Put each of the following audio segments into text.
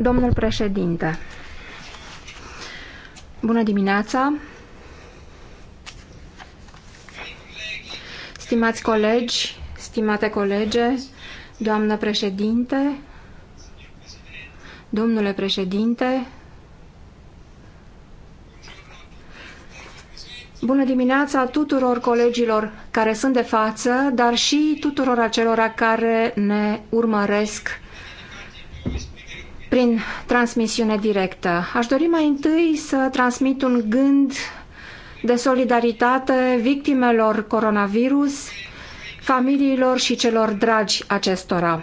Domnul președinte, bună dimineața! Stimați colegi, stimate colege, doamnă președinte, domnule președinte, Bună dimineața tuturor colegilor care sunt de față, dar și tuturor acelora care ne urmăresc prin transmisiune directă. Aș dori mai întâi să transmit un gând de solidaritate victimelor coronavirus, familiilor și celor dragi acestora.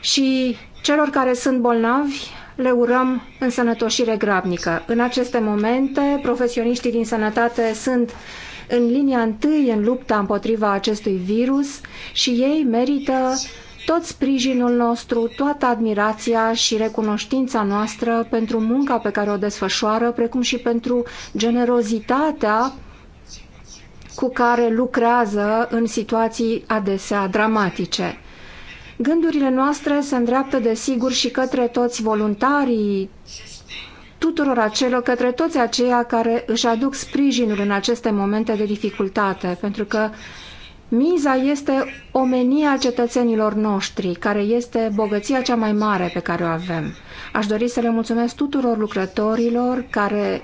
Și celor care sunt bolnavi, le urăm însănătoșire grabnică. În aceste momente, profesioniștii din sănătate sunt în linia întâi în lupta împotriva acestui virus și ei merită tot sprijinul nostru, toată admirația și recunoștința noastră pentru munca pe care o desfășoară, precum și pentru generozitatea cu care lucrează în situații adesea dramatice. Gândurile noastre se îndreaptă desigur și către toți voluntarii, tuturor acelor, către toți aceia care își aduc sprijinul în aceste momente de dificultate, pentru că Miza este omenia cetățenilor noștri, care este bogăția cea mai mare pe care o avem. Aș dori să le mulțumesc tuturor lucrătorilor care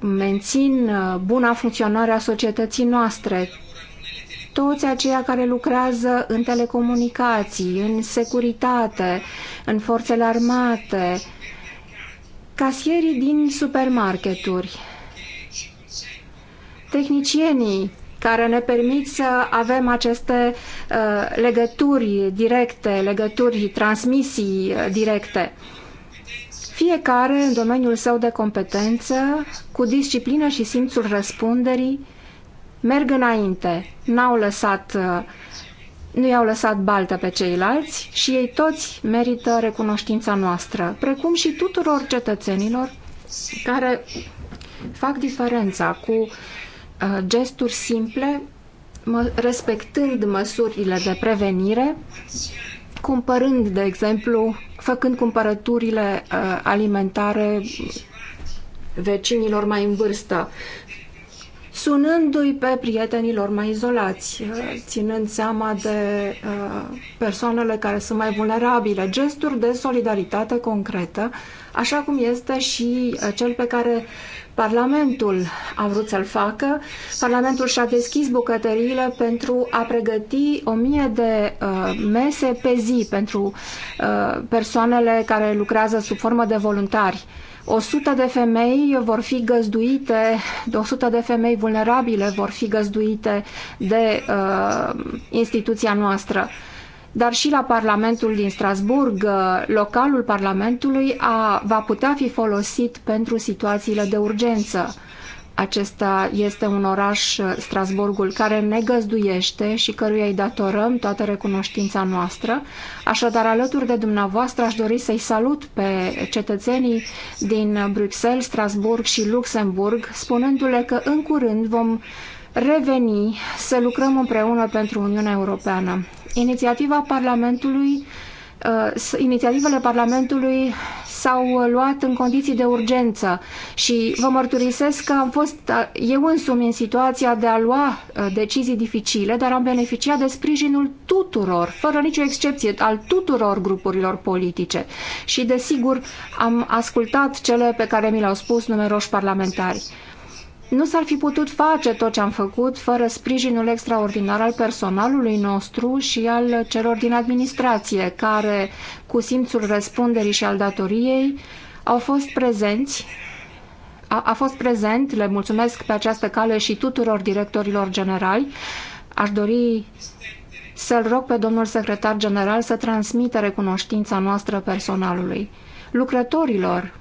mențin uh, buna funcționare a societății noastre, toți aceia care lucrează în telecomunicații, în securitate, în forțele armate, casierii din supermarketuri, tehnicienii care ne permit să avem aceste uh, legături directe, legături, transmisii uh, directe. Fiecare în domeniul său de competență, cu disciplină și simțul răspunderii, merg înainte, n-au lăsat uh, nu i-au lăsat baltă pe ceilalți și ei toți merită recunoștința noastră, precum și tuturor cetățenilor care fac diferența cu Uh, gesturi simple, mă, respectând măsurile de prevenire, cumpărând, de exemplu, făcând cumpărăturile uh, alimentare vecinilor mai în vârstă, sunându-i pe prietenilor mai izolați, uh, ținând seama de uh, persoanele care sunt mai vulnerabile, gesturi de solidaritate concretă, așa cum este și uh, cel pe care Parlamentul a vrut să-l facă. Parlamentul și-a deschis bucătăriile pentru a pregăti o mie de uh, mese pe zi pentru uh, persoanele care lucrează sub formă de voluntari. 100 de femei vor fi găzduite, 200 de femei vulnerabile vor fi găzduite de uh, instituția noastră. Uh, dar și la Parlamentul din Strasburg, uh, localul Parlamentului a, va putea fi folosit pentru situațiile de urgență. Acesta este un oraș, uh, Strasburgul, care ne găzduiește și căruia îi datorăm toată recunoștința noastră. Așadar, alături de dumneavoastră, aș dori să-i salut pe cetățenii din Bruxelles, Strasburg și Luxemburg, spunându-le că în curând vom reveni să lucrăm împreună pentru Uniunea Europeană. Inițiativa Parlamentului uh, inițiativele Parlamentului s-au luat în condiții de urgență și vă mărturisesc că am fost uh, eu însumi în situația de a lua uh, decizii dificile, dar am beneficiat de sprijinul tuturor, fără nicio excepție, al tuturor grupurilor politice și desigur am ascultat cele pe care mi le-au spus numeroși parlamentari. Nu s-ar fi putut face tot ce am făcut fără sprijinul extraordinar al personalului nostru și al celor din administrație, care, cu simțul răspunderii și al datoriei, au fost prezenți a, a fost prezent, le mulțumesc pe această cale și tuturor directorilor generali. Aș dori să-l rog pe domnul secretar general să transmită recunoștința noastră personalului. Lucrătorilor,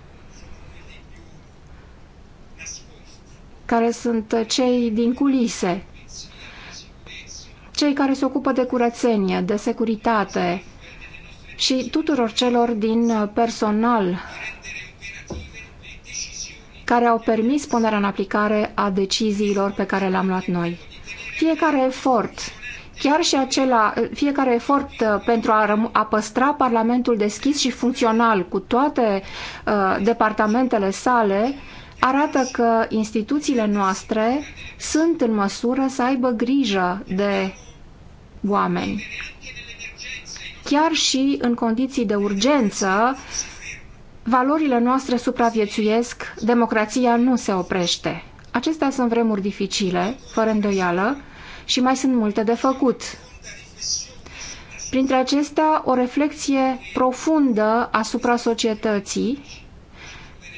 care sunt cei din culise, cei care se ocupă de curățenie, de securitate și tuturor celor din personal care au permis punerea în aplicare a deciziilor pe care le-am luat noi. Fiecare efort, chiar și acela, fiecare efort uh, pentru a, a păstra Parlamentul deschis și funcțional cu toate uh, departamentele sale, uh, arată că instituțiile noastre sunt în măsură să aibă grijă de oameni. Chiar și în condiții de urgență, valorile noastre supraviețuiesc, democrația nu se oprește. Acestea sunt vremuri dificile, fără îndoială, și mai sunt multe de făcut. Printre acestea, o reflexie profundă asupra societății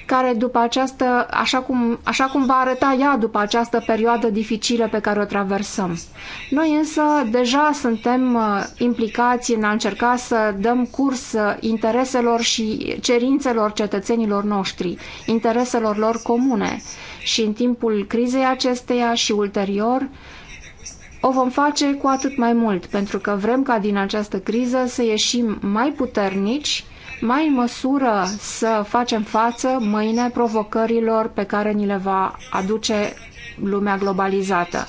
care după această, așa cum, așa cum va arăta ea după această perioadă dificilă pe care o traversăm. Noi însă deja suntem uh, implicați în a încerca să dăm curs uh, intereselor și cerințelor cetățenilor noștri, intereselor lor comune. Și în timpul crizei acesteia și ulterior, o vom face cu atât mai mult, pentru că vrem ca din această criză să ieșim mai puternici, mai în măsură să facem față mâine provocărilor pe care ni le va aduce lumea globalizată.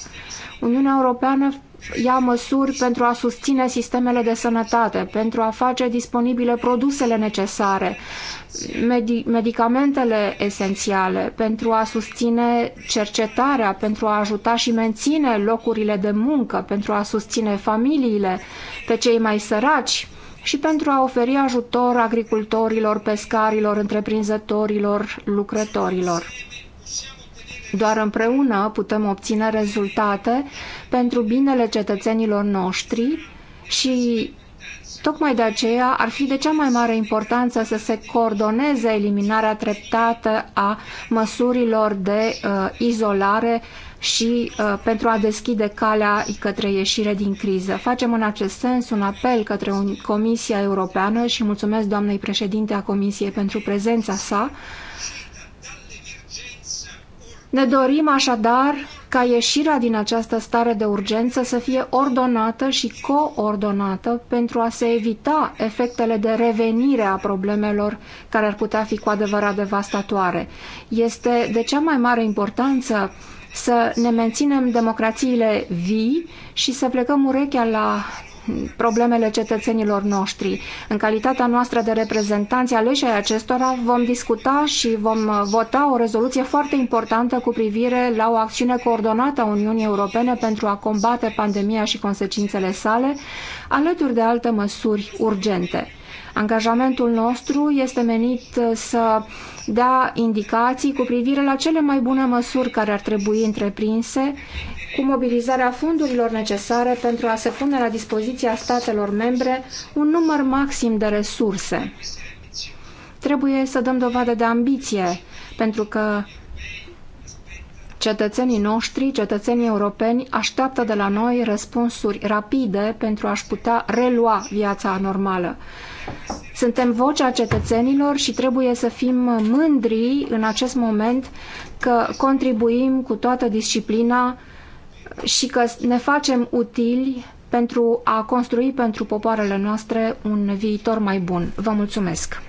Uniunea Europeană ia măsuri pentru a susține sistemele de sănătate, pentru a face disponibile produsele necesare, medi medicamentele esențiale, pentru a susține cercetarea, pentru a ajuta și menține locurile de muncă, pentru a susține familiile pe cei mai săraci, și pentru a oferi ajutor agricultorilor, pescarilor, întreprinzătorilor, lucrătorilor. Doar împreună putem obține rezultate pentru binele cetățenilor noștri și Tocmai de aceea ar fi de cea mai mare importanță să se coordoneze eliminarea treptată a măsurilor de uh, izolare și uh, pentru a deschide calea către ieșire din criză. Facem în acest sens un apel către un, Comisia Europeană și mulțumesc doamnei președinte a Comisiei pentru prezența sa. Ne dorim așadar ca ieșirea din această stare de urgență să fie ordonată și coordonată pentru a se evita efectele de revenire a problemelor care ar putea fi cu adevărat devastatoare. Este de cea mai mare importanță să ne menținem democrațiile vii și să plecăm urechea la problemele cetățenilor noștri. În calitatea noastră de reprezentanți aleși ai acestora, vom discuta și vom vota o rezoluție foarte importantă cu privire la o acțiune coordonată a Uniunii Europene pentru a combate pandemia și consecințele sale, alături de alte măsuri urgente. Angajamentul nostru este menit uh, să dea indicații cu privire la cele mai bune măsuri care ar trebui întreprinse cu mobilizarea fondurilor necesare pentru a se pune la dispoziția statelor membre un număr maxim de resurse. Trebuie să dăm dovadă de ambiție, pentru că Cetățenii noștri, cetățenii europeni, așteaptă de la noi răspunsuri rapide pentru a-și putea relua viața normală. Suntem vocea cetățenilor și trebuie să fim mândri în acest moment că contribuim cu toată disciplina și că ne facem utili pentru a construi pentru popoarele noastre un viitor mai bun. Vă mulțumesc!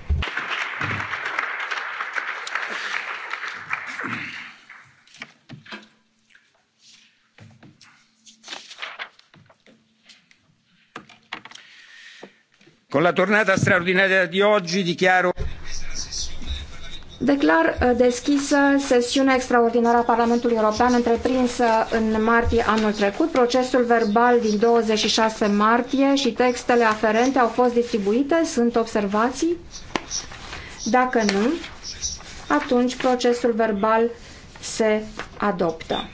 Con la tornata straordinaria di oggi dichiaro Declar eh, deschisă sesiunea extraordinară a Parlamentului European întreprinsă în martie anul trecut. Procesul verbal din 26 martie și textele aferente au fost distribuite. Sunt observații? Dacă nu, atunci procesul verbal se adoptă.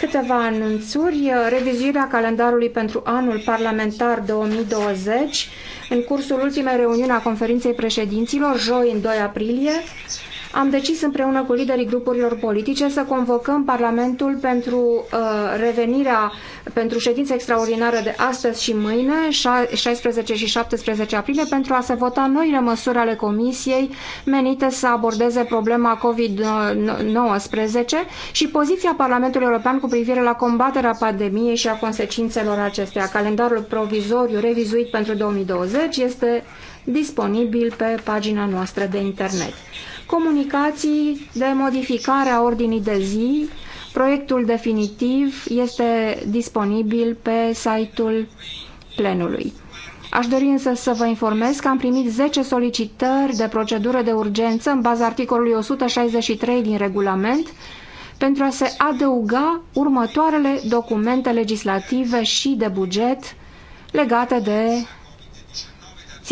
Câteva anunțuri, revizuirea calendarului pentru anul parlamentar 2020 în cursul ultimei reuniuni a conferinței președinților, joi în 2 aprilie, am decis împreună cu liderii grupurilor politice să convocăm Parlamentul pentru uh, revenirea, pentru ședința extraordinară de astăzi și mâine, 16 și 17 aprilie, pentru a se vota noile măsuri ale Comisiei menite să abordeze problema COVID-19 și poziția Parlamentului European cu privire la combaterea pandemiei și a consecințelor acesteia. Calendarul provizoriu revizuit pentru 2020 este disponibil pe pagina noastră de internet comunicații de modificare a ordinii de zi. Proiectul definitiv este disponibil pe site-ul plenului. Aș dori însă să vă informez că am primit 10 solicitări de procedură de urgență în baza articolului 163 din regulament pentru a se adăuga următoarele documente legislative și de buget legate de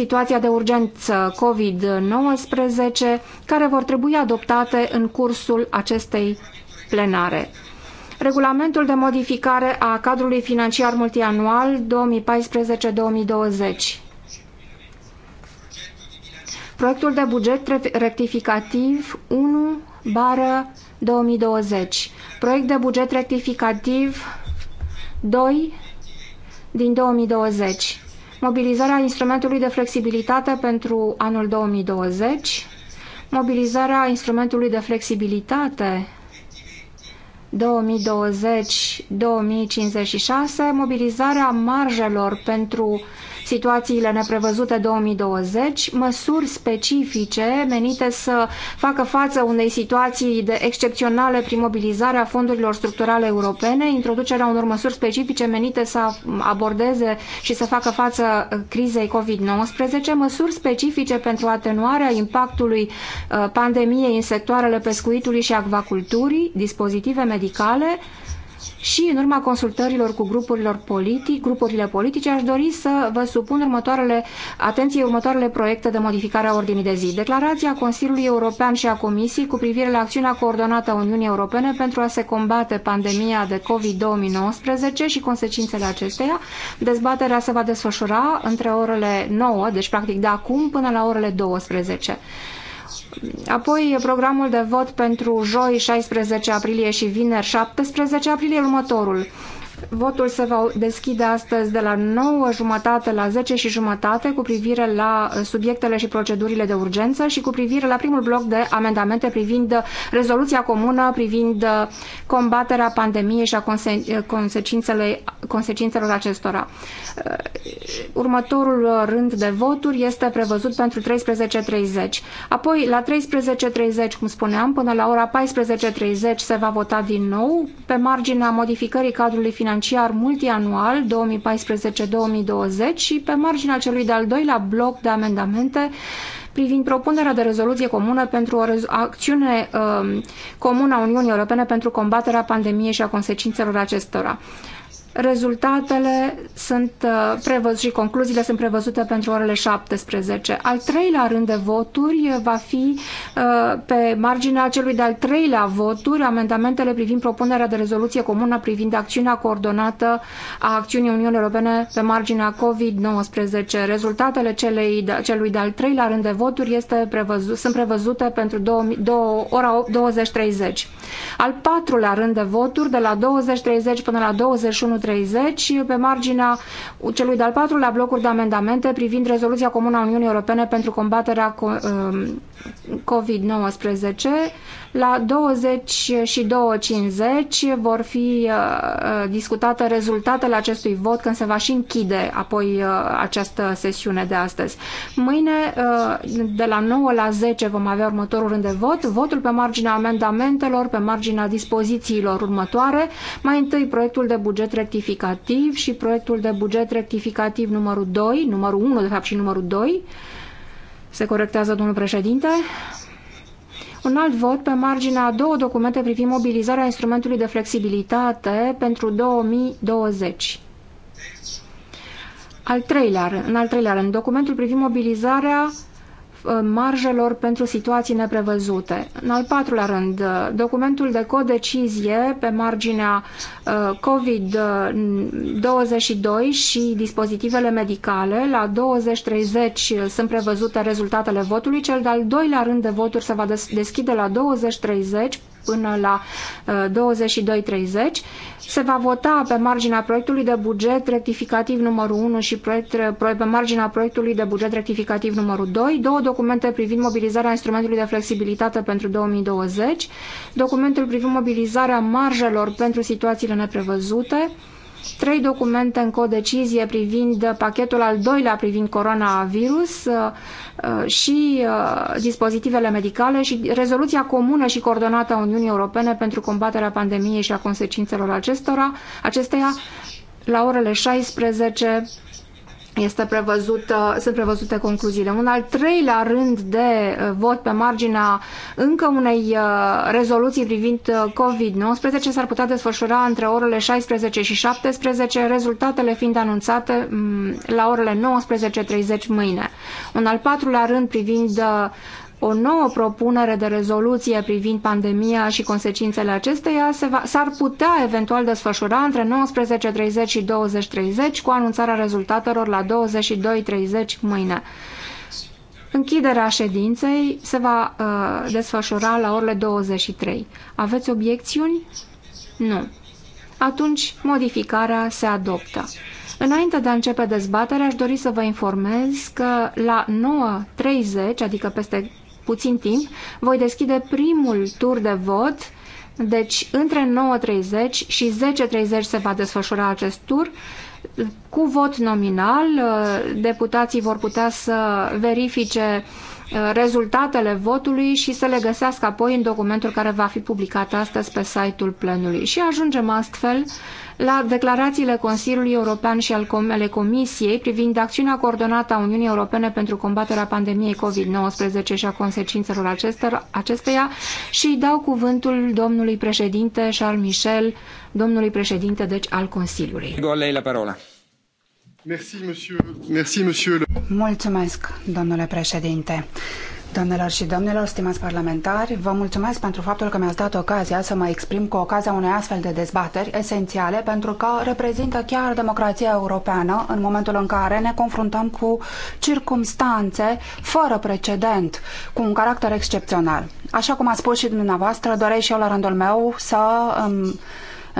situația de urgență COVID-19, care vor trebui adoptate în cursul acestei plenare. Regulamentul de modificare a cadrului financiar multianual 2014-2020. Proiectul de buget rectificativ 1 bară 2020. Proiect de buget rectificativ 2 din 2020 mobilizarea instrumentului de flexibilitate pentru anul 2020, mobilizarea instrumentului de flexibilitate 2020-2056, mobilizarea marjelor pentru situațiile neprevăzute 2020, măsuri specifice menite să facă față unei situații de excepționale prin mobilizarea fondurilor structurale europene, introducerea unor măsuri specifice menite să abordeze și să facă față crizei COVID-19, măsuri specifice pentru atenuarea impactului uh, pandemiei în sectoarele pescuitului și acvaculturii, dispozitive medicale, și în urma consultărilor cu grupurilor politic, grupurile politice, aș dori să vă supun următoarele, atenție următoarele proiecte de modificare a ordinii de zi. Declarația Consiliului European și a Comisiei cu privire la acțiunea coordonată a Uniunii Europene pentru a se combate pandemia de COVID-19 și consecințele acesteia. Dezbaterea se va desfășura între orele 9, deci practic de acum, până la orele 12. Apoi programul de vot pentru joi 16 aprilie și vineri 17 aprilie următorul. Votul se va deschide astăzi de la 9 jumătate la 10 și jumătate cu privire la uh, subiectele și procedurile de urgență și cu privire la primul bloc de amendamente privind uh, rezoluția comună, privind uh, combaterea pandemiei și a consecințelor acestora. Următorul rând de voturi este prevăzut pentru 13.30. Apoi, la 13.30, cum spuneam, până la ora 14.30 se va vota din nou pe marginea modificării cadrului financiar financiar multianual 2014-2020 și pe marginea celui de-al doilea bloc de amendamente privind propunerea de rezoluție comună pentru o acțiune um, comună a Uniunii Europene pentru combaterea pandemiei și a consecințelor acestora. Uh, Rezultatele sunt uh, prevăzute și concluziile sunt prevăzute pentru orele 17. Al treilea rând de voturi va fi uh, pe marginea celui de-al treilea voturi amendamentele privind propunerea de rezoluție comună privind acțiunea coordonată a acțiunii Uniunii Europene pe marginea COVID-19. Rezultatele celei, celui de-al treilea rând de voturi este prevăzu, sunt prevăzute pentru două, două ora 20.30. Al patrulea rând de voturi de la 20.30 până la 21 și pe marginea celui de-al patrulea blocuri de amendamente privind rezoluția comună a Uniunii Europene pentru combaterea um, COVID-19 la 22.50 vor fi uh, uh, discutate rezultatele acestui vot când se va și închide apoi uh, această sesiune de astăzi. Mâine, de la 9 la 10, vom avea următorul rând de vot, votul pe marginea amendamentelor, pe marginea dispozițiilor următoare, mai întâi proiectul de buget rectificativ și proiectul de buget rectificativ numărul 2, numărul 1 de fapt și numărul 2, se corectează domnul președinte, un alt vot pe marginea a două documente privind mobilizarea instrumentului de flexibilitate pentru 2020. Al treilea, în al treilea rând, documentul privind mobilizarea Uh, marjelor pentru situații neprevăzute. În al patrulea rând, uh, documentul de codecizie pe marginea uh, COVID-22 și dispozitivele medicale, la 20-30 sunt prevăzute rezultatele votului, cel de-al doilea rând de voturi se va deschide la 20-30 până la 22.30. Uh, Se va vota pe marginea proiectului de buget rectificativ numărul 1 și proiect, uh, pe marginea proiectului de buget rectificativ numărul 2, două documente privind mobilizarea instrumentului de flexibilitate pentru 2020, documentul privind mobilizarea marjelor pentru situațiile neprevăzute, trei documente în codecizie privind pachetul al doilea privind coronavirus uh, uh, și uh, dispozitivele medicale și rezoluția comună și coordonată a Uniunii Europene pentru combaterea pandemiei și a consecințelor acestora, acesteia la orele 16 este prevăzut, sunt prevăzute concluziile. Un al treilea rând de uh, vot pe marginea încă unei uh, rezoluții privind uh, COVID-19 s-ar putea desfășura între orele 16 și 17, rezultatele fiind anunțate mm, la orele 19.30 mâine. Un al patrulea rând privind o nouă propunere de rezoluție privind pandemia și consecințele acesteia s-ar putea eventual desfășura între 19.30 și 20.30 cu anunțarea rezultatelor la 22.30 mâine. Închiderea ședinței se va uh, desfășura la orele 23. Aveți obiecțiuni? Nu. Atunci, modificarea se adoptă. Înainte de a începe dezbaterea, aș dori să vă informez că la 9.30, adică peste puțin timp, voi deschide primul tur de vot. Deci, între 9.30 și 10.30 se va desfășura acest tur. Cu vot nominal, uh, deputații vor putea să verifice uh, Uh, rezultatele votului și să le găsească apoi în documentul care va fi publicat astăzi pe site-ul plenului. Și ajungem astfel la declarațiile Consiliului European și ale Comisiei privind acțiunea coordonată a Uniunii Europene pentru combaterea pandemiei COVID-19 și a consecințelor acesteia și îi dau cuvântul domnului președinte Charles Michel, domnului președinte deci al Consiliului. Golei la parola. Mulțumesc, domnule președinte. Doamnelor și domnilor, stimați parlamentari, vă mulțumesc pentru faptul că mi-ați dat ocazia să mă exprim cu ocazia unei astfel de dezbateri esențiale pentru că reprezintă chiar democrația europeană în momentul în care ne confruntăm cu circumstanțe fără precedent, cu un caracter excepțional. Așa cum a spus și dumneavoastră, doresc și eu la rândul meu să um,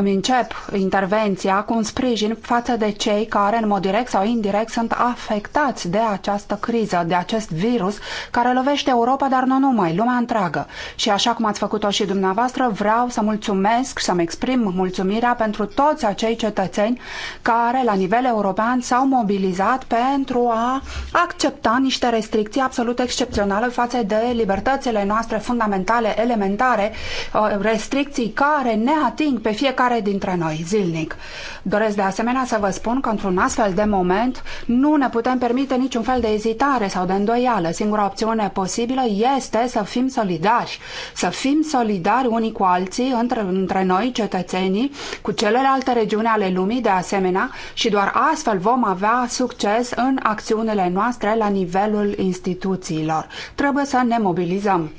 îmi încep intervenția cu un sprijin față de cei care, în mod direct sau indirect, sunt afectați de această criză, de acest virus care lovește Europa, dar nu numai, lumea întreagă. Și așa cum ați făcut-o și dumneavoastră, vreau să mulțumesc și să-mi exprim mulțumirea pentru toți acei cetățeni care, la nivel european, s-au mobilizat pentru a accepta niște restricții absolut excepționale față de libertățile noastre fundamentale, elementare, uh, restricții care ne ating pe fiecare fiecare dintre noi, zilnic. Doresc de asemenea să vă spun că într-un astfel de moment nu ne putem permite niciun fel de ezitare sau de îndoială. Singura opțiune posibilă este să fim solidari, să fim solidari unii cu alții, între, între noi, cetățenii, cu celelalte regiuni ale lumii, de asemenea, și doar astfel vom avea succes în acțiunile noastre la nivelul instituțiilor. Trebuie să ne mobilizăm.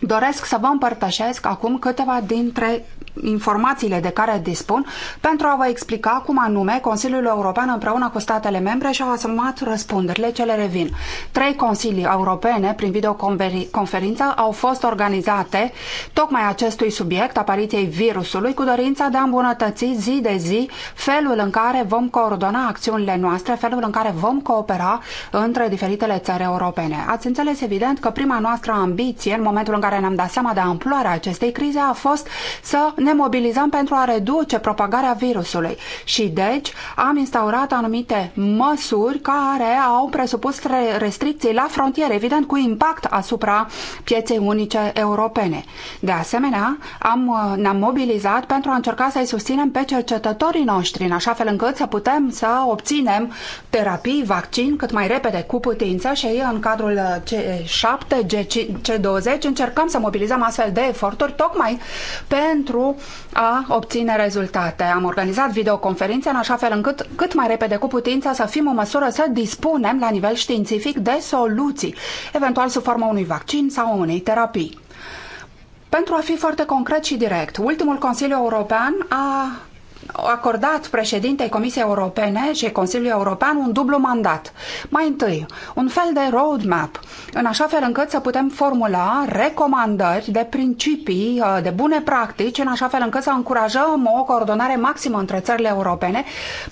Doresc să vă împărtășesc acum câteva dintre informațiile de care dispun pentru a vă explica cum anume Consiliul European împreună cu statele membre și-au asumat răspunderile ce le revin. Trei consilii europene prin videoconferință au fost organizate tocmai acestui subiect, apariției virusului, cu dorința de a îmbunătăți zi de zi felul în care vom coordona acțiunile noastre, felul în care vom coopera între diferitele țări europene. Ați înțeles evident că prima noastră ambiție în momentul în care ne-am dat seama de amploarea acestei crize a fost să ne mobilizăm pentru a reduce propagarea virusului și deci am instaurat anumite măsuri care au presupus restricții la frontiere, evident cu impact asupra pieței unice europene. De asemenea, am, uh, ne-am mobilizat pentru a încerca să-i susținem pe cercetătorii noștri, în așa fel încât să putem să obținem terapii, vaccin cât mai repede cu putință și în cadrul uh, c 7 G20 încercăm să mobilizăm astfel de eforturi tocmai pentru a obține rezultate. Am organizat videoconferințe în așa fel încât cât mai repede cu putința să fim în măsură să dispunem la nivel științific de soluții, eventual sub formă unui vaccin sau unei terapii. Pentru a fi foarte concret și direct, ultimul Consiliu European a acordat președintei Comisiei Europene și Consiliului European un dublu mandat. Mai întâi, un fel de roadmap, în așa fel încât să putem formula recomandări de principii, uh, de bune practici, în așa fel încât să încurajăm o coordonare maximă între țările europene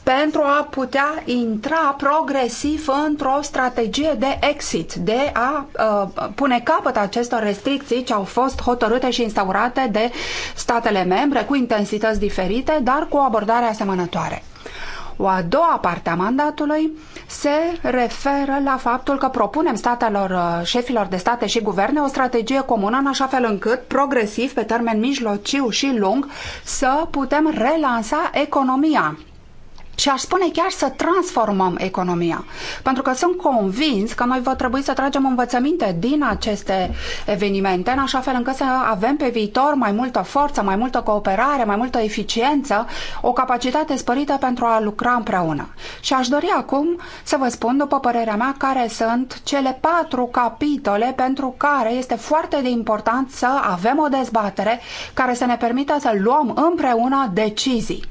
pentru a putea intra progresiv într-o strategie de exit, de a uh, pune capăt acestor restricții ce au fost hotărâte și instaurate de statele membre cu intensități diferite, dar cu o abordare asemănătoare. O a doua parte a mandatului se referă la faptul că propunem statelor, uh, șefilor de state și guverne o strategie comună în așa fel încât, progresiv, pe termen mijlociu și lung, să putem relansa economia și aș spune chiar să transformăm economia. Pentru că sunt convins că noi va trebui să tragem învățăminte din aceste evenimente, în așa fel încât să avem pe viitor mai multă forță, mai multă cooperare, mai multă eficiență, o capacitate sporită pentru a lucra împreună. Și aș dori acum să vă spun, după părerea mea, care sunt cele patru capitole pentru care este foarte de important să avem o dezbatere care să ne permită să luăm împreună decizii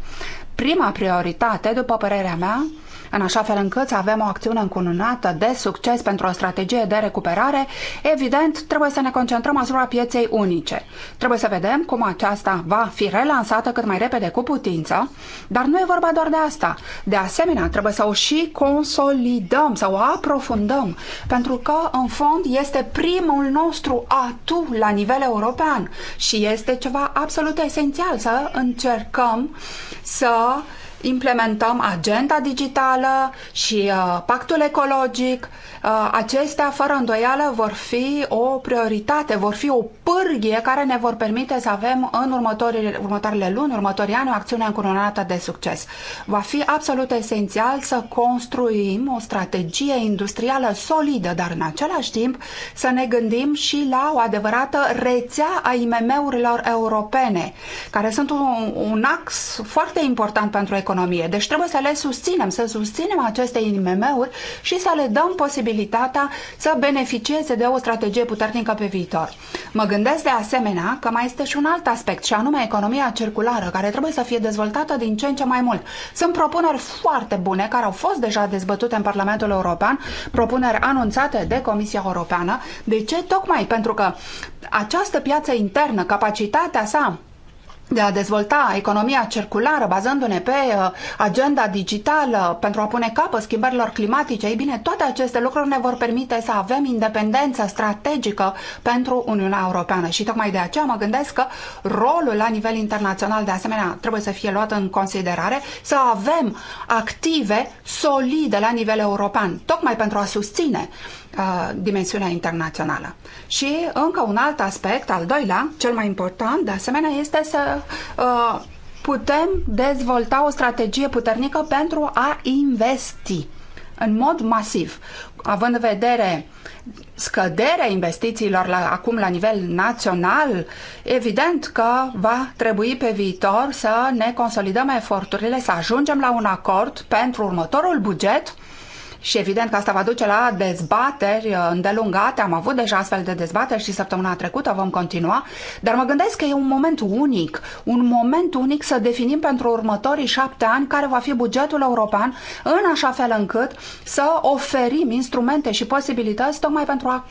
prima prioritate, după părerea mea, în așa fel încât să avem o acțiune încununată de succes pentru o strategie de recuperare, evident, trebuie să ne concentrăm asupra pieței unice. Trebuie să vedem cum aceasta va fi relansată cât mai repede cu putință, dar nu e vorba doar de asta. De asemenea, trebuie să o și consolidăm, să o aprofundăm, pentru că, în fond, este primul nostru atu la nivel european și este ceva absolut esențial să încercăm să uh, implementăm agenda digitală și uh, pactul ecologic. Uh, acestea, fără îndoială, vor fi o prioritate, vor fi o pârghie care ne vor permite să avem în următoarele, următoarele luni, următorii ani, o acțiune încoronată de succes. Va fi absolut esențial să construim o strategie industrială solidă, dar în același timp să ne gândim și la o adevărată rețea a IMM-urilor europene, care sunt un, un ax foarte important pentru economie economie. Deci trebuie să le susținem, să susținem aceste IMM-uri și să le dăm posibilitatea să beneficieze de o strategie puternică pe viitor. Mă gândesc de asemenea că mai este și un alt aspect, și anume economia circulară, care trebuie să fie dezvoltată din ce în ce mai mult. Sunt propuneri foarte bune care au fost deja dezbătute în Parlamentul European, propuneri anunțate de Comisia Europeană. De ce? Tocmai pentru că această piață internă, capacitatea sa de a dezvolta economia circulară bazându-ne pe uh, agenda digitală pentru a pune capăt schimbărilor climatice, ei bine, toate aceste lucruri ne vor permite să avem independență strategică pentru Uniunea Europeană. Și tocmai de aceea mă gândesc că rolul la nivel internațional de asemenea trebuie să fie luat în considerare, să avem active solide la nivel european, tocmai pentru a susține dimensiunea internațională. Și încă un alt aspect, al doilea, cel mai important, de asemenea, este să uh, putem dezvolta o strategie puternică pentru a investi în mod masiv, având în vedere scăderea investițiilor la, acum la nivel național, evident că va trebui pe viitor să ne consolidăm eforturile, să ajungem la un acord pentru următorul buget și evident că asta va duce la dezbateri uh, îndelungate. Am avut deja astfel de dezbateri și săptămâna trecută vom continua, dar mă gândesc că e un moment unic, un moment unic să definim pentru următorii șapte ani care va fi bugetul european în așa fel încât să oferim instrumente și posibilități tocmai pentru a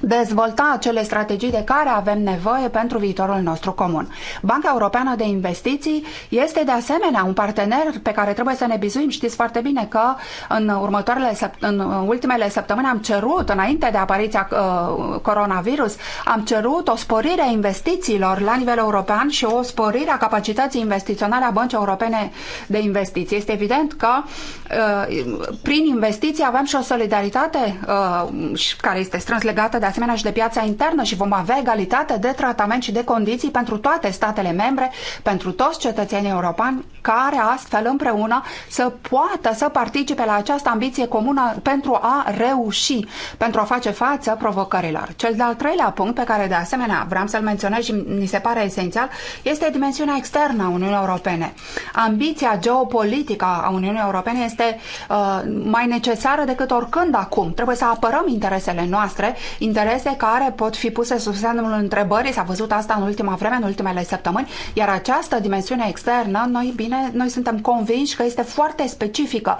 dezvolta acele strategii de care avem nevoie pentru viitorul nostru comun. Banca Europeană de Investiții este de asemenea un partener pe care trebuie să ne bizuim. Știți foarte bine că în, următoarele, în ultimele săptămâni am cerut, înainte de apariția uh, coronavirus, am cerut o sporire a investițiilor la nivel european și o sporire a capacității investiționale a Băncii Europene de Investiții. Este evident că uh, prin investiții avem și o solidaritate uh, care este strâns legată de asemenea și de piața internă și vom avea egalitate de tratament și de condiții pentru toate statele membre, pentru toți cetățenii europeni care astfel împreună să poată să participe la această ambiție comună pentru a reuși, pentru a face față provocărilor. Cel de-al treilea punct pe care de asemenea vreau să-l menționez și mi se pare esențial este dimensiunea externă a Uniunii Europene. Ambiția geopolitică a Uniunii Europene este uh, mai necesară decât oricând acum. Trebuie să apărăm interesele noastre, interesele interese care pot fi puse sub semnul întrebării, s-a văzut asta în ultima vreme, în ultimele săptămâni, iar această dimensiune externă, noi bine, noi suntem convinși că este foarte specifică.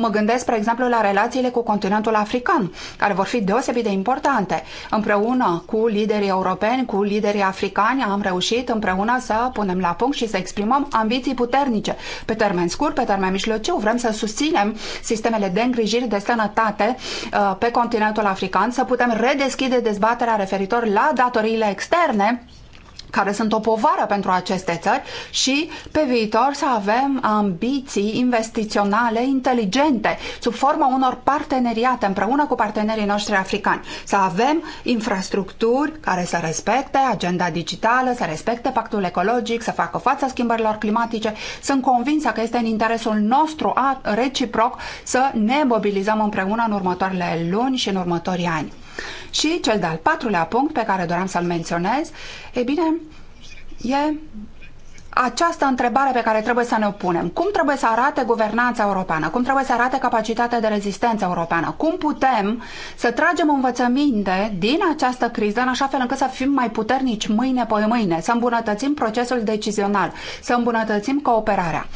Mă gândesc, spre exemplu, la relațiile cu continentul african, care vor fi deosebit de importante. Împreună cu liderii europeni, cu liderii africani, am reușit împreună să punem la punct și să exprimăm ambiții puternice. Pe termen scurt, pe termen mijlociu, vrem să susținem sistemele de îngrijire de sănătate pe continentul african, să putem redeschide dezbaterea referitor la datoriile externe care sunt o povară pentru aceste țări și pe viitor să avem ambiții investiționale inteligente sub forma unor parteneriate împreună cu partenerii noștri africani. Să avem infrastructuri care să respecte agenda digitală, să respecte pactul ecologic, să facă față schimbărilor climatice. Sunt convinsă că este în interesul nostru a reciproc să ne mobilizăm împreună în următoarele luni și în următorii ani. Și cel de-al patrulea punct pe care doream să-l menționez, e bine, e această întrebare pe care trebuie să ne punem. Cum trebuie să arate guvernanța europeană? Cum trebuie să arate capacitatea de rezistență europeană? Cum putem să tragem învățăminte din această criză în așa fel încât să fim mai puternici mâine pe mâine, să îmbunătățim procesul decizional, să îmbunătățim cooperarea?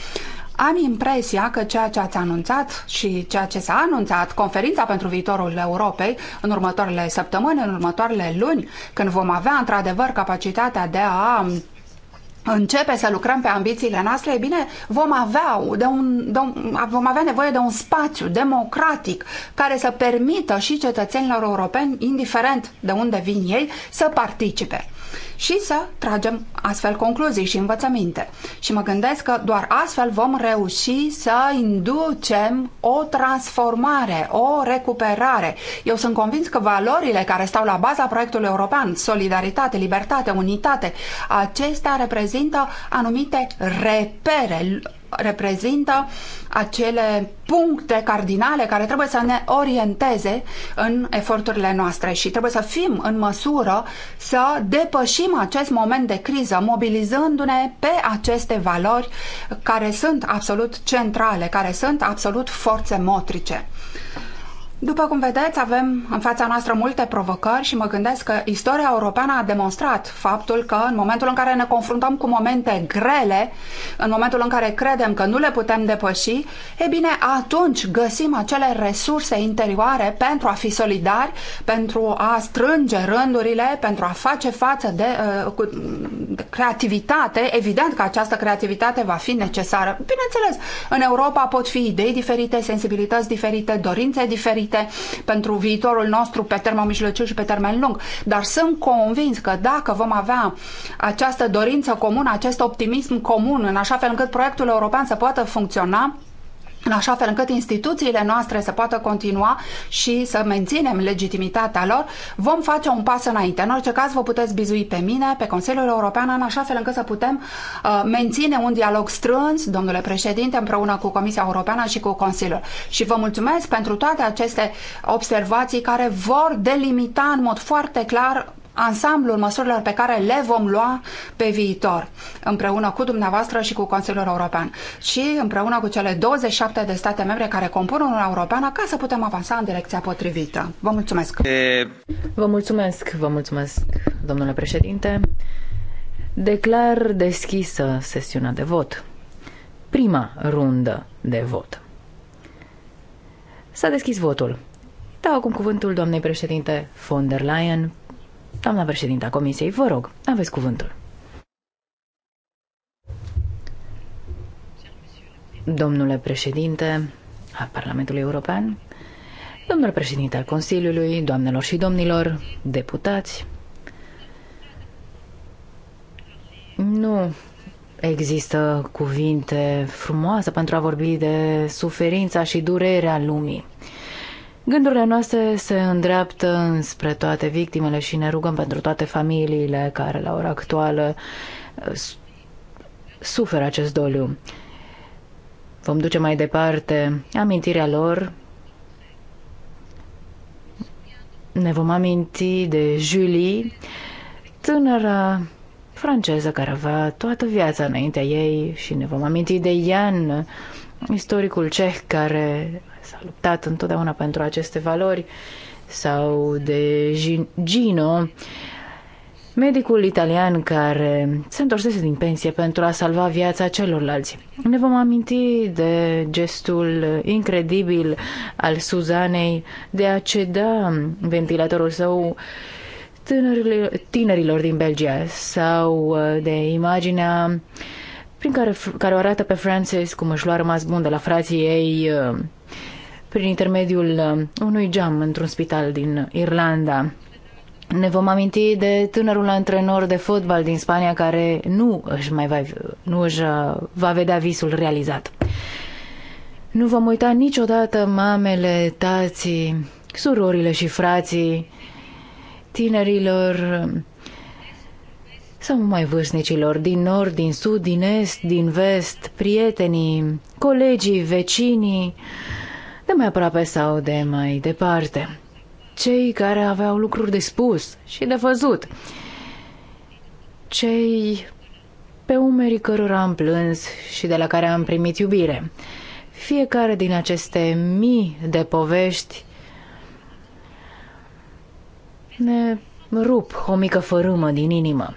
am impresia că ceea ce ați anunțat și ceea ce s-a anunțat, conferința pentru viitorul Europei, în următoarele săptămâni, în următoarele luni, când vom avea într-adevăr capacitatea de a începe să lucrăm pe ambițiile noastre, e bine, vom avea, de un, de un, vom avea nevoie de un spațiu democratic care să permită și cetățenilor europeni, indiferent de unde vin ei, să participe și să tragem astfel concluzii și învățăminte. Și mă gândesc că doar astfel vom reuși să inducem o transformare, o recuperare. Eu sunt convins că valorile care stau la baza proiectului european, solidaritate, libertate, unitate, acestea reprezintă anumite repere, reprezintă acele puncte cardinale care trebuie să ne orienteze în eforturile noastre și trebuie să fim în măsură să depășim acest moment de criză, mobilizându-ne pe aceste valori care sunt absolut centrale, care sunt absolut forțe motrice. După cum vedeți, avem în fața noastră multe provocări și mă gândesc că istoria europeană a demonstrat faptul că în momentul în care ne confruntăm cu momente grele, în momentul în care credem că nu le putem depăși, e bine, atunci găsim acele resurse interioare pentru a fi solidari, pentru a strânge rândurile, pentru a face față de, uh, cu creativitate. Evident că această creativitate va fi necesară. Bineînțeles, în Europa pot fi idei diferite, sensibilități diferite, dorințe diferite, pregătite pentru viitorul nostru pe termen mijlociu și pe termen lung. Dar sunt convins că dacă vom avea această dorință comună, acest optimism comun, în așa fel încât proiectul european să poată funcționa, în așa fel încât instituțiile noastre să poată continua și să menținem legitimitatea lor, vom face un pas înainte. În orice caz, vă puteți bizui pe mine, pe Consiliul European, în așa fel încât să putem uh, menține un dialog strâns, domnule președinte, împreună cu Comisia Europeană și cu Consiliul. Și vă mulțumesc pentru toate aceste observații care vor delimita în mod foarte clar ansamblul măsurilor pe care le vom lua pe viitor, împreună cu dumneavoastră și cu Consiliul European și împreună cu cele 27 de state membre care compun Uniunea Europeană ca să putem avansa în direcția potrivită. Vă mulțumesc! Vă mulțumesc, vă mulțumesc, domnule președinte. Declar deschisă sesiunea de vot. Prima rundă de vot. S-a deschis votul. Dau acum cuvântul doamnei președinte von der Leyen Doamna președinta Comisiei, vă rog, aveți cuvântul. Domnule președinte al Parlamentului European, domnule președinte al Consiliului, doamnelor și domnilor, deputați, nu există cuvinte frumoase pentru a vorbi de suferința și durerea lumii. Gândurile noastre se îndreaptă înspre toate victimele și ne rugăm pentru toate familiile care la ora actuală suferă acest doliu. Vom duce mai departe amintirea lor. Ne vom aminti de Julie, tânăra franceză care avea toată viața înaintea ei și ne vom aminti de Ian, istoricul ceh care s-a luptat întotdeauna pentru aceste valori, sau de Gino, medicul italian care se întorsese din pensie pentru a salva viața celorlalți. Ne vom aminti de gestul incredibil al Suzanei de a ceda ventilatorul său tinerilor din Belgia sau uh, de imaginea prin care, care o arată pe Francis cum își lua rămas bun de la frații ei uh, prin intermediul um, unui geam într-un spital din Irlanda. Ne vom aminti de tânărul antrenor de fotbal din Spania care nu își mai va, nu își uh, va vedea visul realizat. Nu vom uita niciodată mamele, tații, surorile și frații, tinerilor um, sau mai vârstnicilor din nord, din sud, din est, din vest, prietenii, colegii, vecinii, de mai aproape sau de mai departe. Cei care aveau lucruri de spus și de văzut. Cei pe umerii cărora am plâns și de la care am primit iubire. Fiecare din aceste mii de povești ne rup o mică fărâmă din inimă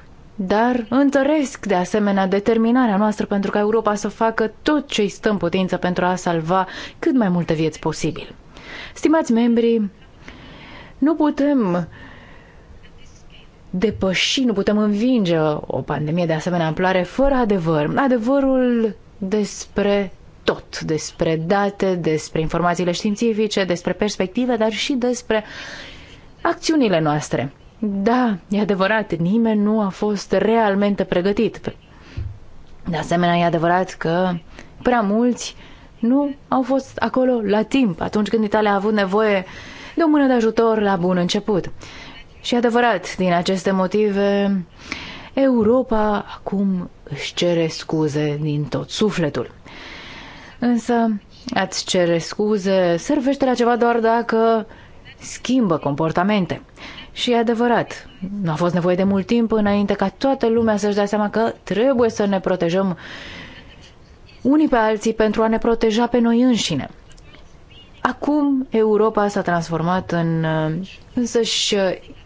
dar întăresc de asemenea determinarea noastră pentru ca Europa să facă tot ce i stă în putință pentru a salva cât mai multe vieți posibil. Stimați membri, nu putem depăși, nu putem învinge o pandemie de asemenea amploare fără adevăr. Adevărul despre tot, despre date, despre informațiile științifice, despre perspective, dar și despre acțiunile noastre. Da, e adevărat, nimeni nu a fost realmente pregătit. De asemenea, e adevărat că prea mulți nu au fost acolo la timp, atunci când Italia a avut nevoie de o mână de ajutor la bun început. Și adevărat, din aceste motive, Europa acum își cere scuze din tot sufletul. Însă, ați cere scuze servește la ceva doar dacă schimbă comportamente. Și e adevărat, nu a fost nevoie de mult timp înainte ca toată lumea să-și dea seama că trebuie să ne protejăm unii pe alții pentru a ne proteja pe noi înșine. Acum Europa s-a transformat în însăși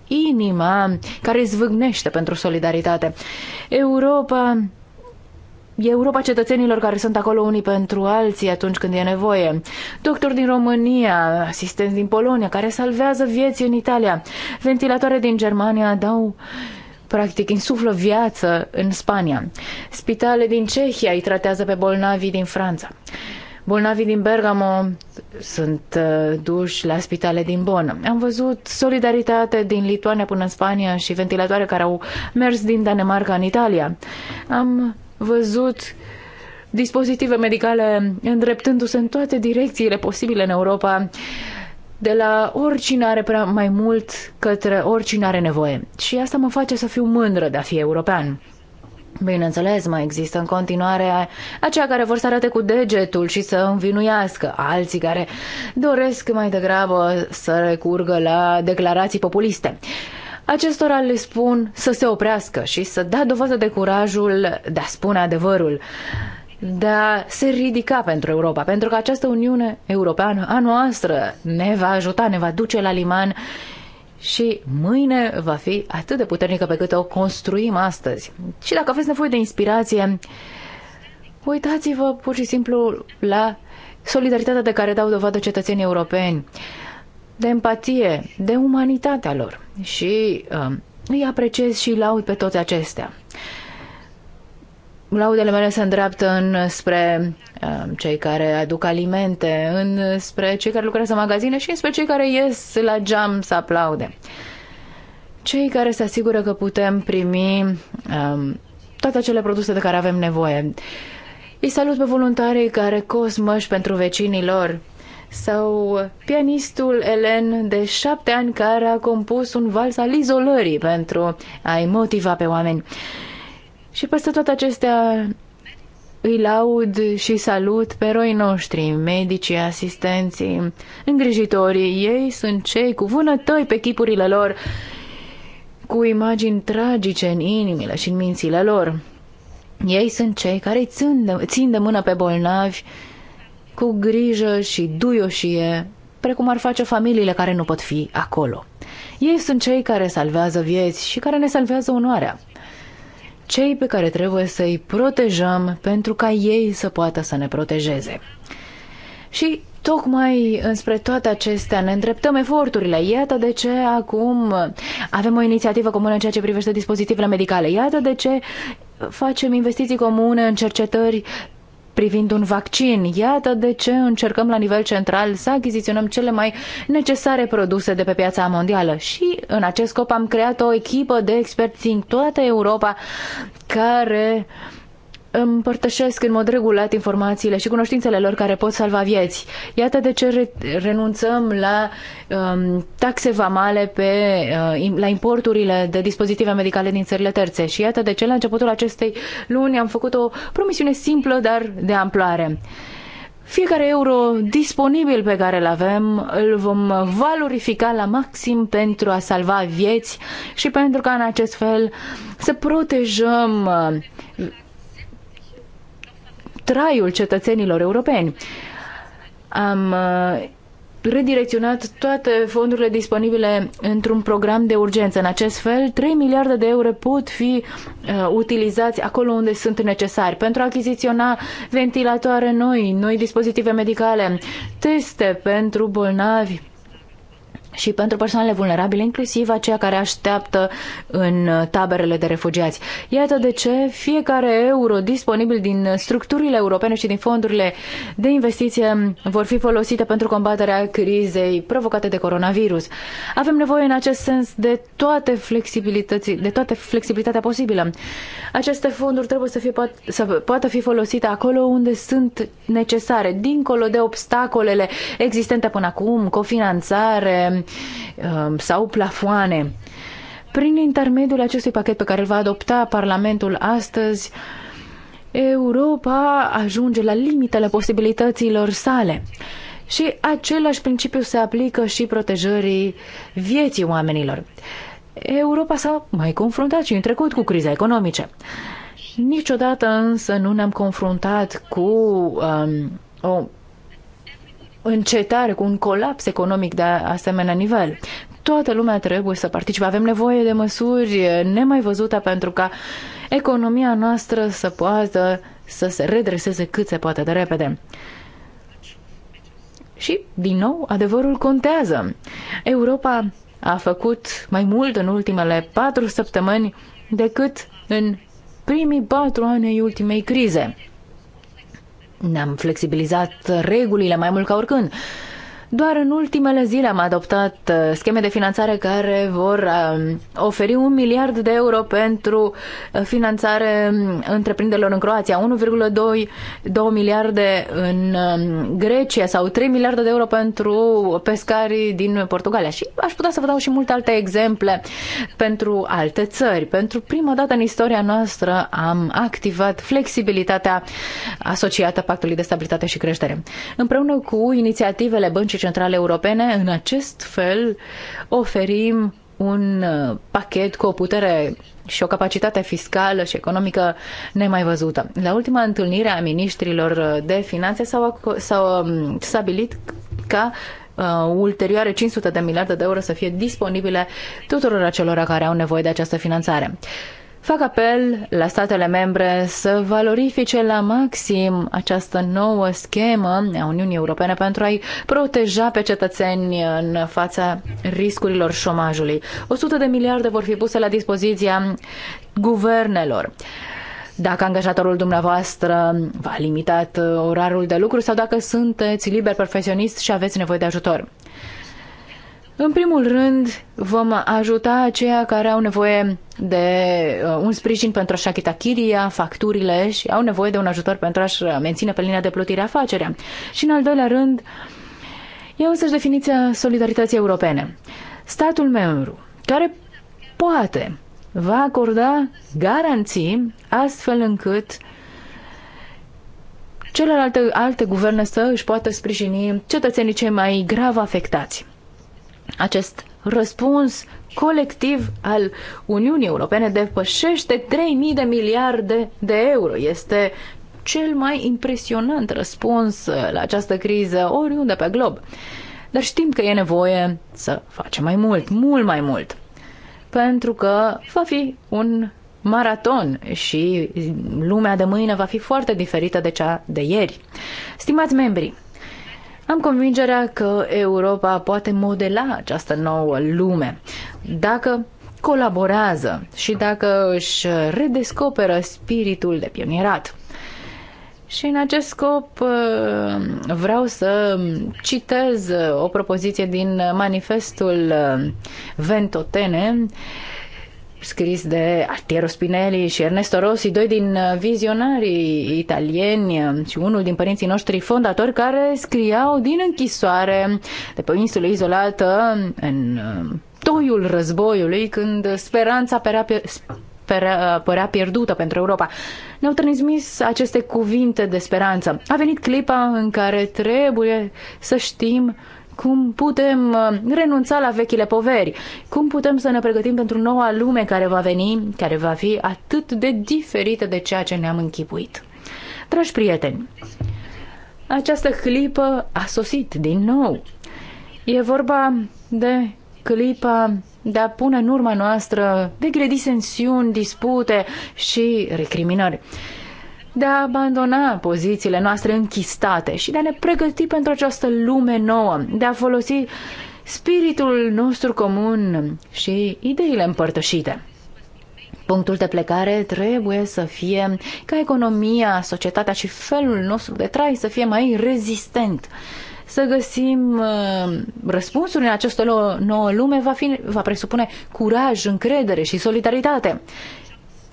inima care zvâgnește pentru solidaritate. Europa Europa cetățenilor care sunt acolo unii pentru alții atunci când e nevoie. Doctori din România, asistenți din Polonia care salvează vieți în Italia. Ventilatoare din Germania dau practic insuflă viață în Spania. Spitale din Cehia îi tratează pe bolnavii din Franța. Bolnavii din Bergamo sunt uh, duși la spitale din Bonn. Am văzut solidaritate din Lituania până în Spania și ventilatoare care au mers din Danemarca în Italia. Am văzut dispozitive medicale îndreptându-se în toate direcțiile posibile în Europa, de la oricine are prea mai mult către oricine are nevoie. Și asta mă face să fiu mândră de a fi european. Bineînțeles, mai există în continuare aceia care vor să arate cu degetul și să învinuiască, alții care doresc mai degrabă să recurgă la declarații populiste acestora le spun să se oprească și să dea dovadă de curajul de a spune adevărul, de a se ridica pentru Europa, pentru că această Uniune Europeană a noastră ne va ajuta, ne va duce la liman și mâine va fi atât de puternică pe cât o construim astăzi. Și dacă aveți nevoie de inspirație, uitați-vă pur și simplu la solidaritatea de care dau dovadă cetățenii europeni de empatie, de umanitatea lor și uh, îi apreciez și laud pe toate acestea. Laudele mele se îndreaptă în spre uh, cei care aduc alimente, în spre cei care lucrează în magazine și în spre cei care ies la geam să aplaude. Cei care se asigură că putem primi uh, toate acele produse de care avem nevoie. Îi salut pe voluntarii care cosmăși pentru vecinii lor, sau pianistul Elen de șapte ani care a compus un vals al izolării pentru a-i motiva pe oameni. Și peste toate acestea îi laud și salut pe roi noștri, medicii, asistenții, îngrijitorii. Ei sunt cei cu vânătăi pe chipurile lor, cu imagini tragice în inimile și în mințile lor. Ei sunt cei care țin de, țin de mână pe bolnavi cu grijă și duioșie, precum ar face familiile care nu pot fi acolo. Ei sunt cei care salvează vieți și care ne salvează onoarea. Cei pe care trebuie să-i protejăm pentru ca ei să poată să ne protejeze. Și Tocmai înspre toate acestea ne îndreptăm eforturile. Iată de ce acum avem o inițiativă comună în ceea ce privește dispozitivele medicale. Iată de ce facem investiții comune în cercetări privind un vaccin. Iată de ce încercăm la nivel central să achiziționăm cele mai necesare produse de pe piața mondială. Și în acest scop am creat o echipă de experți în toată Europa care împărtășesc în mod regulat informațiile și cunoștințele lor care pot salva vieți. Iată de ce re- renunțăm la um, taxe vamale pe, um, la importurile de dispozitive medicale din țările terțe și iată de ce la începutul acestei luni am făcut o promisiune simplă, dar de amploare. Fiecare euro disponibil pe care îl avem îl vom valorifica la maxim pentru a salva vieți și pentru ca în acest fel să protejăm uh, traiul cetățenilor europeni. Am uh, redirecționat toate fondurile disponibile într-un program de urgență. În acest fel, 3 miliarde de euro pot fi uh, utilizați acolo unde sunt necesari pentru a achiziționa ventilatoare noi, noi dispozitive medicale, teste pentru bolnavi și pentru persoanele vulnerabile, inclusiv aceia care așteaptă în taberele de refugiați. Iată de ce fiecare euro disponibil din structurile europene și din fondurile de investiție vor fi folosite pentru combaterea crizei provocate de coronavirus. Avem nevoie în acest sens de toate flexibilității, de toată flexibilitatea posibilă. Aceste fonduri trebuie să, fie să poată fi folosite acolo unde sunt necesare, dincolo de obstacolele existente până acum, cofinanțare, Um, sau plafoane. Prin intermediul acestui pachet pe care îl va adopta Parlamentul astăzi, Europa ajunge la limitele posibilităților sale. Și același principiu se aplică și protejării vieții oamenilor. Europa s-a mai confruntat și în trecut cu crize economice. Niciodată însă nu ne-am confruntat cu um, o încetare, cu un colaps economic de asemenea nivel. Toată lumea trebuie să participe. Avem nevoie de măsuri nemai văzute pentru ca economia noastră să poată să se redreseze cât se poate de repede. Și, din nou, adevărul contează. Europa a făcut mai mult în ultimele patru săptămâni decât în primii patru ani ai ultimei crize. Ne-am flexibilizat regulile mai mult ca oricând. Doar în ultimele zile am adoptat uh, scheme de finanțare care vor um, oferi un miliard de euro pentru uh, finanțare um, întreprinderilor în Croația, 1,2 miliarde în um, Grecia sau 3 miliarde de euro pentru pescarii din Portugalia. Și aș putea să vă dau și multe alte exemple pentru alte țări. Pentru prima dată în istoria noastră am activat flexibilitatea asociată Pactului de Stabilitate și Creștere. Împreună cu inițiativele Băncii Centrale Europene. În acest fel oferim un uh, pachet cu o putere și o capacitate fiscală și economică nemai văzută. La ultima întâlnire a ministrilor uh, de finanțe s-au, s-au um, stabilit ca uh, ulterioare 500 de miliarde de euro să fie disponibile tuturor acelora care au nevoie de această finanțare. Fac apel la statele membre să valorifice la maxim această nouă schemă a Uniunii Europene pentru a-i proteja pe cetățeni în fața riscurilor șomajului. 100 de miliarde vor fi puse la dispoziția guvernelor dacă angajatorul dumneavoastră v-a limitat uh, orarul de lucru sau dacă sunteți liber profesionist și aveți nevoie de ajutor. În primul rând, vom ajuta aceia care au nevoie de uh, un sprijin pentru a-și achita chiria, facturile și au nevoie de un ajutor pentru a-și uh, menține pe linia de plutire afacerea. Și în al doilea rând, e însăși definiția solidarității europene. Statul membru care poate va acorda garanții astfel încât celelalte alte guverne să își poată sprijini cetățenii cei mai grav afectați. Acest răspuns colectiv al Uniunii Europene depășește 3.000 de miliarde de euro. Este cel mai impresionant răspuns la această criză oriunde pe glob. Dar știm că e nevoie să facem mai mult, mult mai mult. Pentru că va fi un maraton și lumea de mâine va fi foarte diferită de cea de ieri. Stimați membrii, am convingerea că Europa poate modela această nouă lume dacă colaborează și dacă își redescoperă spiritul de pionierat. Și în acest scop uh, vreau să citez o propoziție din manifestul uh, Ventotene, scris de Altiero Spinelli și Ernesto Rossi, doi din uh, vizionarii italieni um, și unul din părinții noștri fondatori care scriau din închisoare de pe o insulă izolată um, în um, toiul războiului când speranța părea, părea, uh, părea pierdută pentru Europa. Ne-au transmis aceste cuvinte de speranță. A venit clipa în care trebuie să știm cum putem uh, renunța la vechile poveri, cum putem să ne pregătim pentru noua lume care va veni, care va fi atât de diferită de ceea ce ne-am închipuit. Dragi prieteni, această clipă a sosit din nou. E vorba de clipa de a pune în urma noastră de gredisensiuni, dispute și recriminări de a abandona pozițiile noastre închistate și de a ne pregăti pentru această lume nouă, de a folosi spiritul nostru comun și ideile împărtășite. Punctul de plecare trebuie să fie ca economia, societatea și felul nostru de trai să fie mai rezistent. Să găsim uh, răspunsuri în această nouă lume va, fi, va presupune curaj, încredere și solidaritate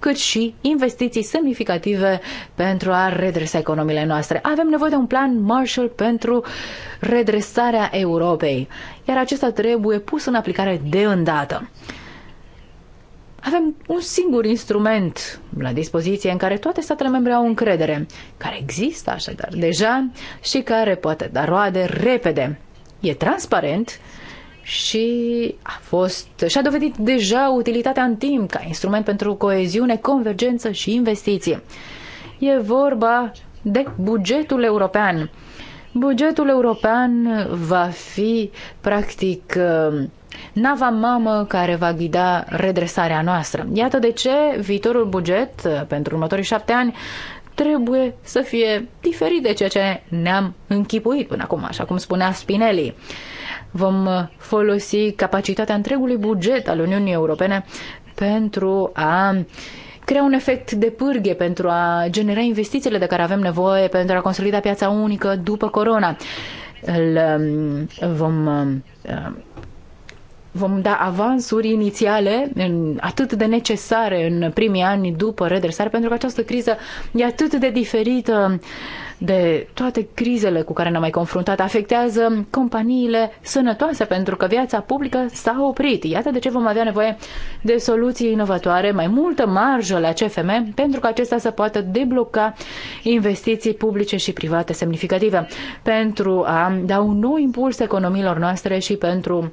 cât și investiții semnificative pentru a redresa economiile noastre. Avem nevoie de un plan Marshall pentru redresarea Europei, iar acesta trebuie pus în aplicare de îndată. Avem un singur instrument la dispoziție în care toate statele membre au încredere, care există așadar deja și care poate da roade repede. E transparent și a fost și a dovedit deja utilitatea în timp ca instrument pentru coeziune, convergență și investiție. E vorba de bugetul european. Bugetul european va fi practic uh, nava mamă care va ghida redresarea noastră. Iată de ce viitorul buget uh, pentru următorii șapte ani trebuie să fie diferit de ceea ce ne-am închipuit până acum, așa cum spunea Spinelli. Vom uh, folosi capacitatea întregului buget al Uniunii Europene pentru a crea un efect de pârghie pentru a genera investițiile de care avem nevoie pentru a consolida piața unică după corona. Îl, um, vom um, um, vom da avansuri inițiale în, atât de necesare în primii ani după redresare, pentru că această criză e atât de diferită de toate crizele cu care ne-am mai confruntat afectează companiile sănătoase pentru că viața publică s-a oprit. Iată de ce vom avea nevoie de soluții inovatoare, mai multă marjă la CFM pentru că acesta să poată debloca investiții publice și private semnificative pentru a da un nou impuls economiilor noastre și pentru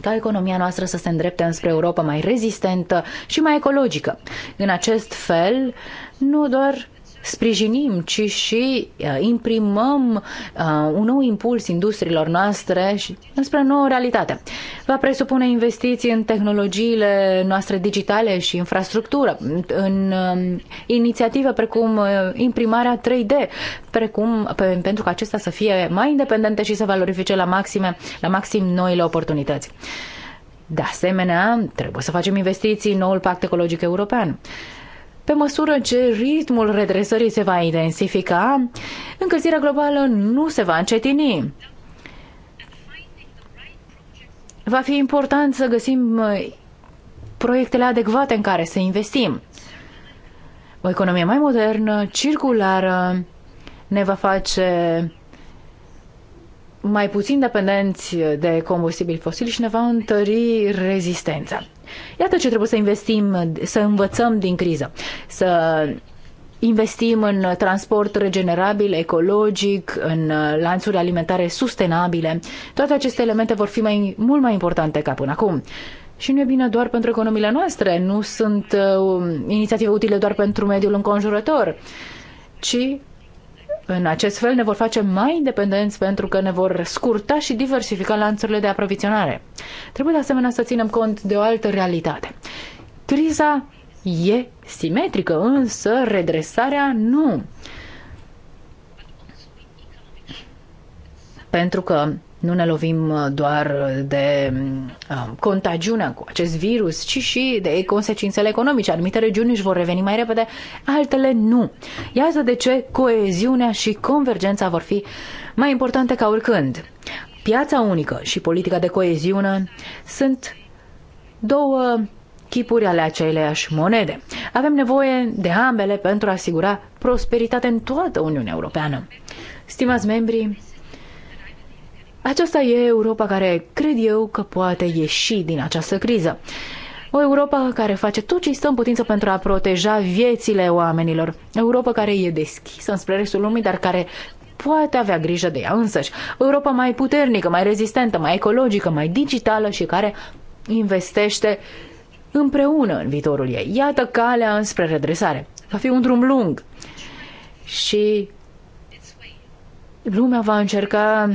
ca economia noastră să se îndrepte înspre Europa mai rezistentă și mai ecologică. În acest fel, nu doar sprijinim, ci și uh, imprimăm uh, un nou impuls industriilor noastre și înspre nouă realitate. Va presupune investiții în tehnologiile noastre digitale și infrastructură, în um, inițiative precum uh, imprimarea 3D, precum pe, pentru ca acesta să fie mai independente și să valorifice la, maxime, la maxim noile oportunități. De asemenea, trebuie să facem investiții în noul pact ecologic european. Pe măsură ce ritmul redresării se va intensifica, încălzirea globală nu se va încetini. Va fi important să găsim uh, proiectele adecvate în care să investim. O economie mai modernă, circulară, ne va face mai puțin dependenți de combustibili fosili și ne va întări rezistența. Iată ce trebuie să investim, să învățăm din criză, să investim în transport regenerabil, ecologic, în lanțuri alimentare sustenabile. Toate aceste elemente vor fi mai, mult mai importante ca până acum. Și nu e bine doar pentru economiile noastre, nu sunt uh, inițiative utile doar pentru mediul înconjurător, ci în acest fel ne vor face mai independenți pentru că ne vor scurta și diversifica lanțurile de aprovizionare. Trebuie de asemenea să ținem cont de o altă realitate. Criza e simetrică, însă redresarea nu. Pentru că nu ne lovim uh, doar uh, de uh, contagiunea cu acest virus, ci și de consecințele economice. Anumite regiuni își vor reveni mai repede, altele nu. Iată de ce coeziunea și convergența vor fi mai importante ca oricând. Piața unică și politica de coeziune sunt două chipuri ale aceleiași monede. Avem nevoie de ambele pentru a asigura prosperitate în toată Uniunea Europeană. Stimați membri, aceasta e Europa care cred eu că poate ieși din această criză. O Europa care face tot ce stă în putință pentru a proteja viețile oamenilor. Europa care e deschisă înspre restul lumii, dar care poate avea grijă de ea însăși. Europa mai puternică, mai rezistentă, mai ecologică, mai digitală și care investește împreună în viitorul ei. Iată calea înspre redresare. Va fi un drum lung și lumea va încerca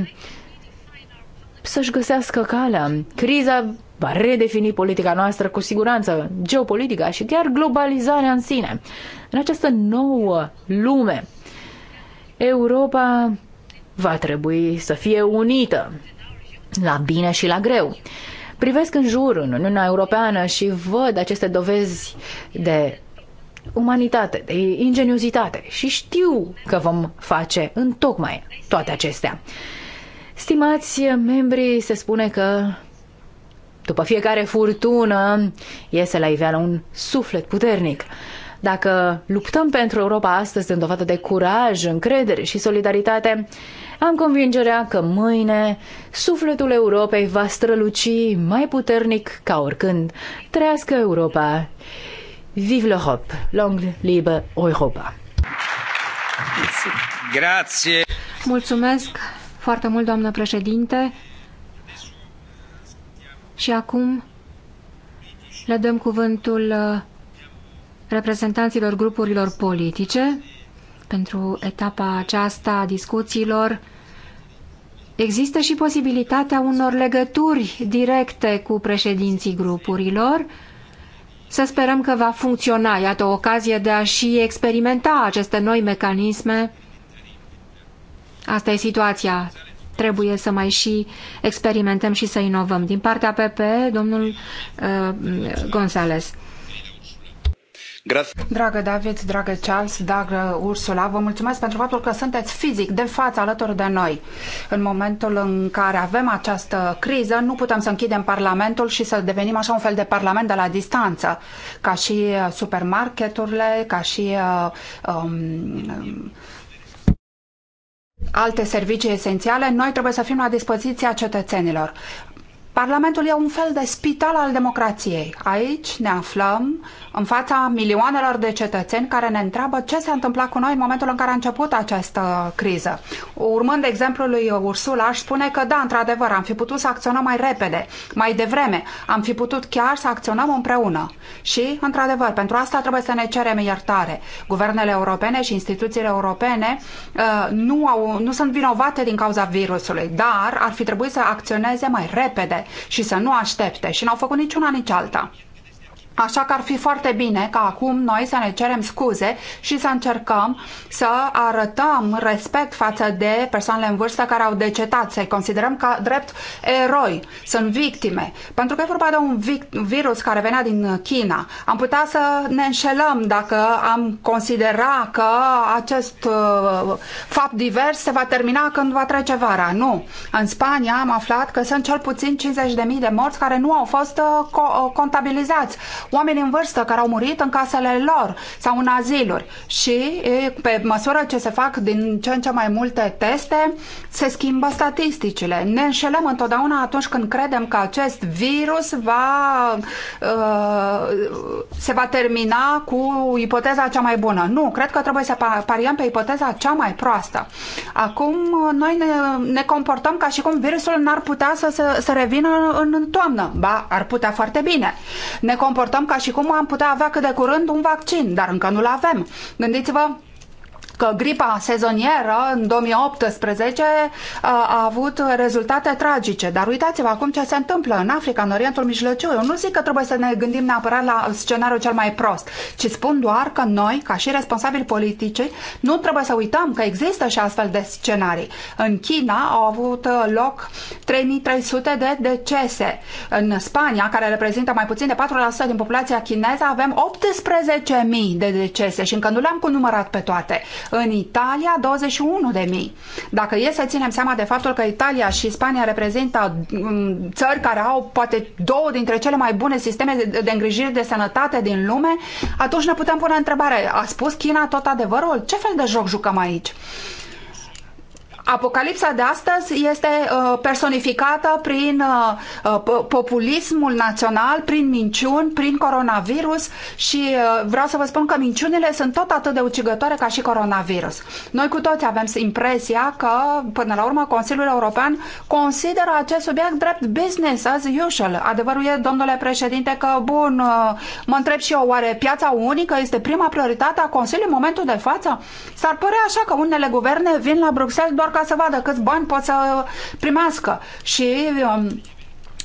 să-și găsească calea. Criza va redefini politica noastră cu siguranță, geopolitica și chiar globalizarea în sine. În această nouă lume, Europa va trebui să fie unită, la bine și la greu. Privesc în jur în Uniunea Europeană și văd aceste dovezi de umanitate, de ingeniozitate și știu că vom face în tocmai toate acestea. Stimați membrii, se spune că după fiecare furtună iese la iveală un suflet puternic. Dacă luptăm pentru Europa astăzi, în dovadă de curaj, încredere și solidaritate, am convingerea că mâine sufletul Europei va străluci mai puternic ca oricând. Trăiască Europa! Vive l'Europe! long live Europa! Mulțumesc! foarte mult, doamnă președinte. Și acum le dăm cuvântul uh, reprezentanților grupurilor politice pentru etapa aceasta a discuțiilor. Există și posibilitatea unor legături directe cu președinții grupurilor. Să sperăm că va funcționa, iată, o ocazie de a și experimenta aceste noi mecanisme Asta e situația. Trebuie să mai și experimentăm și să inovăm. Din partea PP, domnul uh, Gonzales. Dragă David, dragă Charles, dragă Ursula, vă mulțumesc pentru faptul că sunteți fizic de față alături de noi. În momentul în care avem această criză, nu putem să închidem Parlamentul și să devenim așa un fel de Parlament de la distanță, ca și uh, supermarketurile, ca și uh, um, alte servicii esențiale, noi trebuie să fim la dispoziția cetățenilor. Parlamentul e un fel de spital al democrației. Aici ne aflăm în fața milioanelor de cetățeni care ne întreabă ce s-a întâmplat cu noi în momentul în care a început această criză. Urmând exemplul lui Ursula, aș spune că da, într-adevăr, am fi putut să acționăm mai repede, mai devreme, am fi putut chiar să acționăm împreună. Și, într-adevăr, pentru asta trebuie să ne cerem iertare. Guvernele europene și instituțiile europene uh, nu, au, nu sunt vinovate din cauza virusului, dar ar fi trebuit să acționeze mai repede și să nu aștepte și n-au făcut nici una nici alta. Așa că ar fi foarte bine ca acum noi să ne cerem scuze și să încercăm să arătăm respect față de persoanele în vârstă care au decetat, să-i considerăm ca drept eroi, sunt victime. Pentru că e vorba de un virus care venea din China. Am putea să ne înșelăm dacă am considera că acest uh, fapt divers se va termina când va trece vara. Nu. În Spania am aflat că sunt cel puțin 50.000 de morți care nu au fost uh, co uh, contabilizați oameni în vârstă care au murit în casele lor sau în aziluri și pe măsură ce se fac din ce în ce mai multe teste, se schimbă statisticile. Ne înșelăm întotdeauna atunci când credem că acest virus va, uh, se va termina cu ipoteza cea mai bună. Nu, cred că trebuie să pariem pe ipoteza cea mai proastă. Acum noi ne, ne comportăm ca și cum virusul n-ar putea să, să, să revină în, în toamnă. Ba, ar putea foarte bine. Ne comportăm comportăm ca și cum am putea avea cât de curând un vaccin, dar încă nu-l avem. Gândiți-vă că gripa sezonieră în 2018 uh, a avut rezultate tragice. Dar uitați-vă acum ce se întâmplă în Africa, în Orientul Mijlociu. Eu nu zic că trebuie să ne gândim neapărat la scenariul cel mai prost, ci spun doar că noi, ca și responsabili politici, nu trebuie să uităm că există și astfel de scenarii. În China au avut uh, loc 3300 de decese. În Spania, care reprezintă mai puțin de 4% din populația chineză, avem 18.000 de decese și încă nu le-am cunumărat pe toate. În Italia, 21.000. Dacă e să ținem seama de faptul că Italia și Spania reprezintă mm, țări care au poate două dintre cele mai bune sisteme de îngrijire de sănătate din lume, atunci ne putem pune întrebarea, a spus China tot adevărul? Ce fel de joc jucăm aici? Apocalipsa de astăzi este uh, personificată prin uh, uh, populismul național, prin minciuni, prin coronavirus și vreau să vă spun că minciunile sunt tot atât de ucigătoare ca și coronavirus. Noi cu toți avem impresia că, până la urmă, Consiliul European consideră acest subiect drept business as usual. Adevărul e, domnule președinte, că, bun, mă întreb și eu, oare piața unică este prima prioritate a Consiliului în momentul de față? S-ar părea așa că unele guverne vin la Bruxelles doar ca să vadă câți bani pot să primească și um,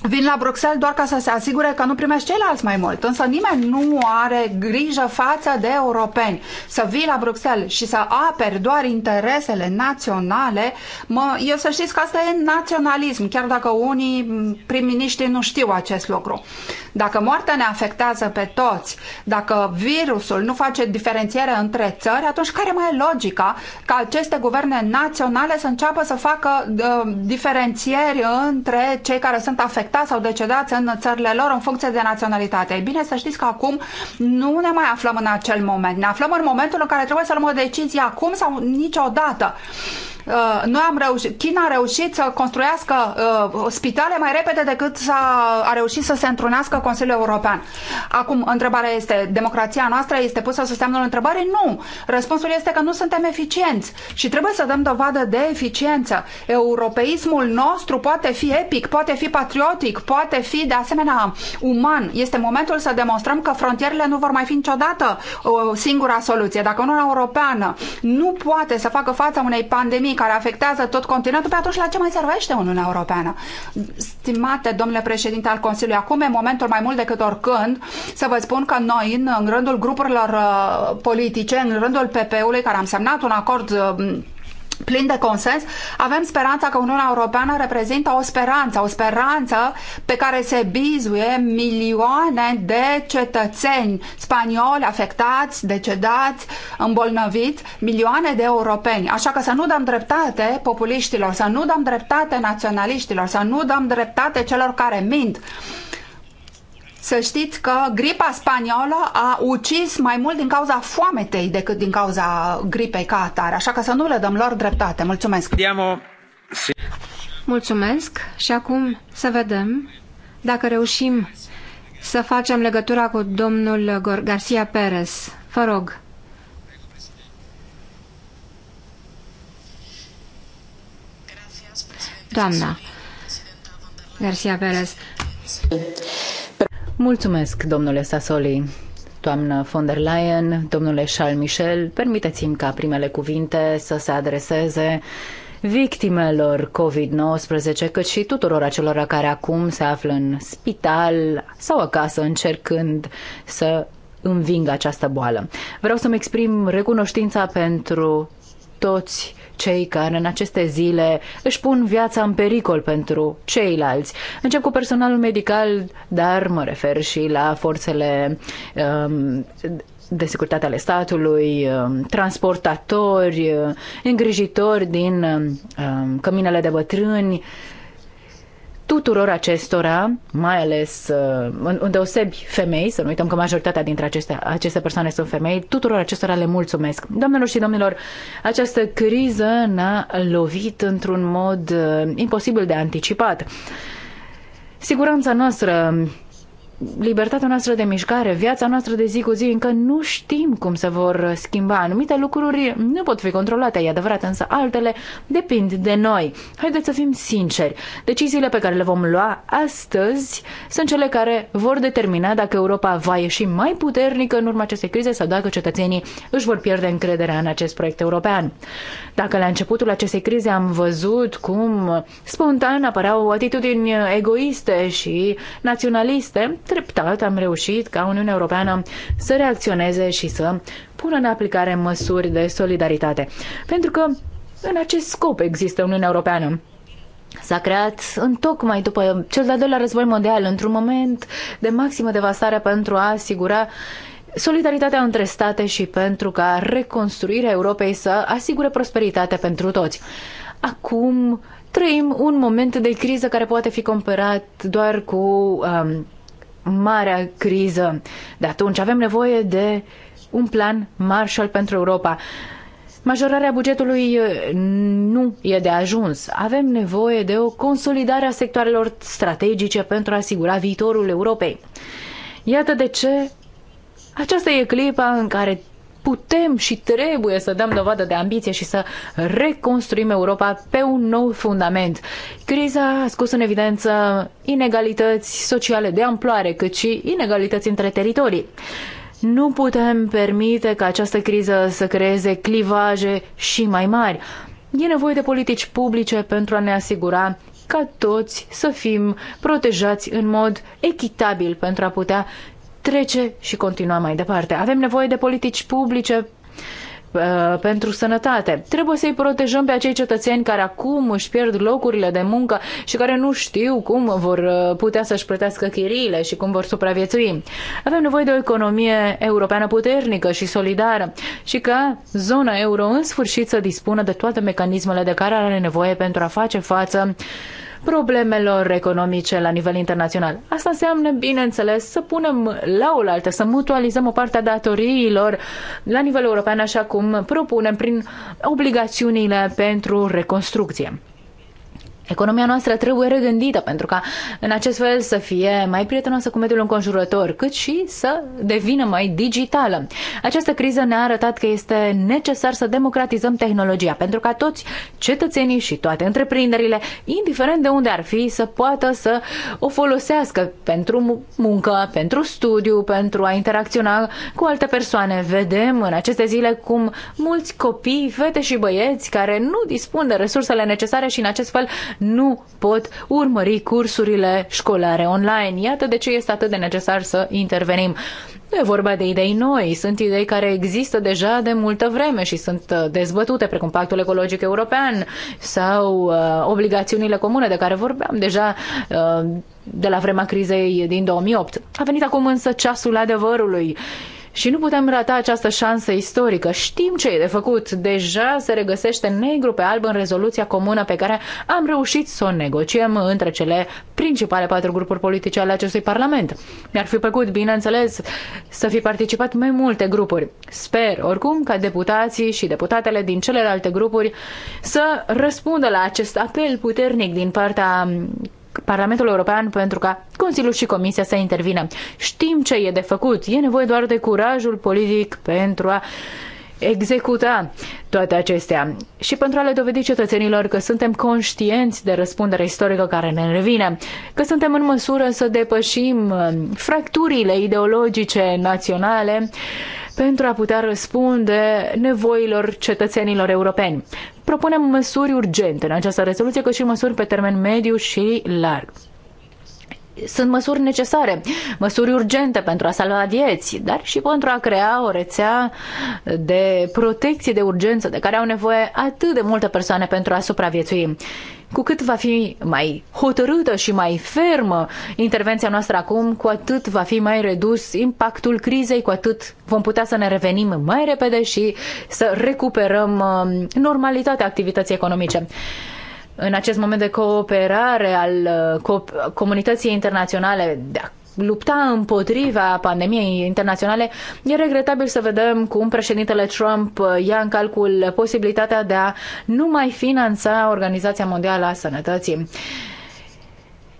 vin la Bruxelles doar ca să se asigure că nu primești ceilalți mai mult. Însă nimeni nu are grijă față de europeni. Să vii la Bruxelles și să aperi doar interesele naționale, mă, eu să știți că asta e naționalism, chiar dacă unii prim-miniștri nu știu acest lucru. Dacă moartea ne afectează pe toți, dacă virusul nu face diferențiere între țări, atunci care mai e logica ca aceste guverne naționale să înceapă să facă uh, diferențieri între cei care sunt afectați sau decedați în țările lor în funcție de naționalitate? E bine, să știți că acum nu ne mai aflăm în acel moment. Ne aflăm în momentul în care trebuie să luăm o decizie acum sau niciodată. Uh, Uh, noi am reușit, China a reușit să construiască uh, spitale mai repede decât a, a reușit să se întrunească Consiliul European. Acum, întrebarea este, democrația noastră este pusă sub semnul întrebării? Nu. Răspunsul este că nu suntem eficienți și trebuie să dăm dovadă de eficiență. Europeismul nostru poate fi epic, poate fi patriotic, poate fi de asemenea uman. Este momentul să demonstrăm că frontierele nu vor mai fi niciodată o uh, singura soluție. Dacă Uniunea Europeană nu poate să facă față unei pandemii care afectează tot continentul, pe atunci la ce mai servește Uniunea Europeană? Stimate domnule președinte al Consiliului, acum e momentul mai mult decât oricând să vă spun că noi, în, în rândul grupurilor uh, politice, în rândul PP-ului, care am semnat un acord uh, plin de consens, avem speranța că Uniunea Europeană reprezintă o speranță, o speranță pe care se bizuie milioane de cetățeni spanioli afectați, decedați, îmbolnăviți, milioane de europeni. Așa că să nu dăm dreptate populiștilor, să nu dăm dreptate naționaliștilor, să nu dăm dreptate celor care mint să știți că gripa spaniolă a ucis mai mult din cauza foametei decât din cauza gripei ca atare, așa că să nu le dăm lor dreptate. Mulțumesc! Mulțumesc și acum să vedem dacă reușim să facem legătura cu domnul Garcia Perez. Vă rog! Doamna Garcia Perez. Mulțumesc, domnule Sassoli. Doamnă von der Leyen, domnule Charles Michel, permiteți-mi ca primele cuvinte să se adreseze victimelor COVID-19, cât și tuturor acelora care acum se află în spital sau acasă încercând să învingă această boală. Vreau să-mi exprim recunoștința pentru toți cei care în aceste zile își pun viața în pericol pentru ceilalți. Încep cu personalul medical, dar mă refer și la forțele um, de securitate ale statului, um, transportatori, uh, îngrijitori din um, căminele de bătrâni, tuturor acestora, mai ales unde uh, îndeosebi femei, să nu uităm că majoritatea dintre aceste, aceste persoane sunt femei, tuturor acestora le mulțumesc. Doamnelor și domnilor, această criză ne-a lovit într-un mod uh, imposibil de anticipat. Siguranța noastră libertatea noastră de mișcare, viața noastră de zi cu zi, încă nu știm cum se vor schimba. Anumite lucruri nu pot fi controlate, e adevărat, însă altele depind de noi. Haideți să fim sinceri. Deciziile pe care le vom lua astăzi sunt cele care vor determina dacă Europa va ieși mai puternică în urma acestei crize sau dacă cetățenii își vor pierde încrederea în acest proiect european. Dacă la începutul acestei crize am văzut cum spontan apăreau atitudini egoiste și naționaliste, treptat am reușit ca Uniunea Europeană să reacționeze și să pună în aplicare măsuri de solidaritate. Pentru că în acest scop există Uniunea Europeană. S-a creat în tocmai după cel de-al doilea război mondial, într-un moment de maximă devastare pentru a asigura solidaritatea între state și pentru ca reconstruirea Europei să asigure prosperitate pentru toți. Acum trăim un moment de criză care poate fi comparat doar cu um, marea criză. De atunci avem nevoie de un plan Marshall pentru Europa. Majorarea bugetului uh, nu e de ajuns. Avem nevoie de o consolidare a sectoarelor strategice pentru a asigura viitorul Europei. Iată de ce aceasta e clipa în care putem și trebuie să dăm dovadă de ambiție și să reconstruim Europa pe un nou fundament. Criza a scos în evidență inegalități sociale de amploare, cât și inegalități între teritorii. Nu putem permite ca această criză să creeze clivaje și mai mari. E nevoie de politici publice pentru a ne asigura ca toți să fim protejați în mod echitabil pentru a putea trece și continua mai departe. Avem nevoie de politici publice uh, pentru sănătate. Trebuie să-i protejăm pe acei cetățeni care acum își pierd locurile de muncă și care nu știu cum vor uh, putea să-și plătească chiriile și cum vor supraviețui. Avem nevoie de o economie europeană puternică și solidară și ca zona euro în sfârșit să dispună de toate mecanismele de care are nevoie pentru a face față uh, problemelor economice la nivel internațional. Asta înseamnă, bineînțeles, să punem la oaltă, să mutualizăm o parte a datoriilor la nivel european, așa cum propunem prin obligațiunile pentru reconstrucție. Economia noastră trebuie regândită pentru ca în acest fel să fie mai prietenoasă cu mediul înconjurător, cât și să devină mai digitală. Această criză ne-a arătat că este necesar să democratizăm tehnologia pentru ca toți cetățenii și toate întreprinderile, indiferent de unde ar fi, să poată să o folosească pentru muncă, pentru studiu, pentru a interacționa cu alte persoane. Vedem în aceste zile cum mulți copii, fete și băieți care nu dispun de resursele necesare și în acest fel nu pot urmări cursurile școlare online. Iată de ce este atât de necesar să intervenim. Nu e vorba de idei noi, sunt idei care există deja de multă vreme și sunt uh, dezbătute, precum Pactul Ecologic European sau uh, obligațiunile comune de care vorbeam deja uh, de la vremea crizei din 2008. A venit acum însă ceasul adevărului și nu putem rata această șansă istorică. Știm ce e de făcut. Deja se regăsește negru pe alb în rezoluția comună pe care am reușit să o negociem între cele principale patru grupuri politice ale acestui Parlament. Mi-ar fi plăcut, bineînțeles, să fi participat mai multe grupuri. Sper, oricum, ca deputații și deputatele din celelalte grupuri să răspundă la acest apel puternic din partea Parlamentul European pentru ca Consiliul și Comisia să intervină. Știm ce e de făcut, e nevoie doar de curajul politic pentru a executa toate acestea și pentru a le dovedi cetățenilor că suntem conștienți de răspunderea istorică care ne revine, că suntem în măsură să depășim uh, fracturile ideologice naționale pentru a putea răspunde nevoilor cetățenilor europeni propunem măsuri urgente în această rezoluție, cât și măsuri pe termen mediu și larg sunt măsuri necesare, măsuri urgente pentru a salva vieți, dar și pentru a crea o rețea de protecție de urgență de care au nevoie atât de multe persoane pentru a supraviețui. Cu cât va fi mai hotărâtă și mai fermă intervenția noastră acum, cu atât va fi mai redus impactul crizei, cu atât vom putea să ne revenim mai repede și să recuperăm um, normalitatea activității economice în acest moment de cooperare al uh, comunității internaționale de lupta împotriva pandemiei internaționale, e regretabil să vedem cum președintele Trump uh, ia în calcul posibilitatea de a nu mai finanța Organizația Mondială a Sănătății.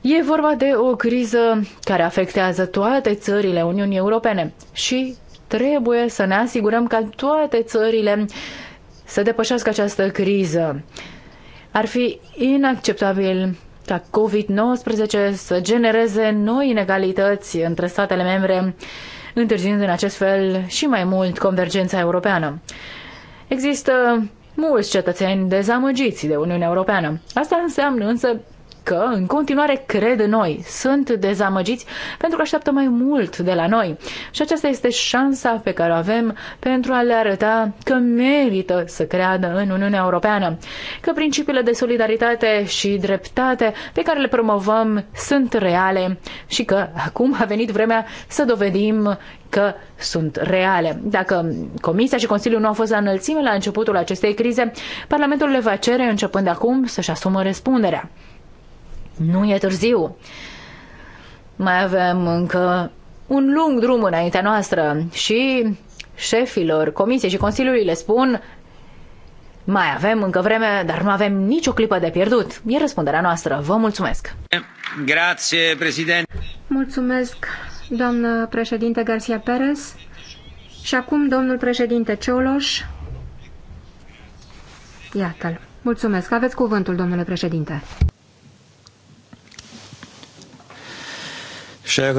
E vorba de o criză care afectează toate țările Uniunii Europene și trebuie să ne asigurăm ca toate țările să depășească această criză. Ar fi inacceptabil ca COVID-19 să genereze noi inegalități între statele membre, întârziind în acest fel și mai mult convergența europeană. Există mulți cetățeni dezamăgiți de Uniunea Europeană. Asta înseamnă însă că în continuare cred în noi, sunt dezamăgiți pentru că așteaptă mai mult de la noi. Și aceasta este șansa pe care o avem pentru a le arăta că merită să creadă în Uniunea Europeană, că principiile de solidaritate și dreptate pe care le promovăm sunt reale și că acum a venit vremea să dovedim că sunt reale. Dacă Comisia și Consiliul nu au fost la înălțime la începutul acestei crize, Parlamentul le va cere, începând acum, să-și asumă răspunderea. Nu e târziu. Mai avem încă un lung drum înaintea noastră și șefilor comisiei și consiliului le spun mai avem încă vreme, dar nu avem nicio clipă de pierdut. E răspunderea noastră. Vă mulțumesc. Grație, prezident. Mulțumesc, doamnă președinte Garcia Perez. Și acum, domnul președinte Cioloș. Iată-l. Mulțumesc. Aveți cuvântul, domnule președinte. share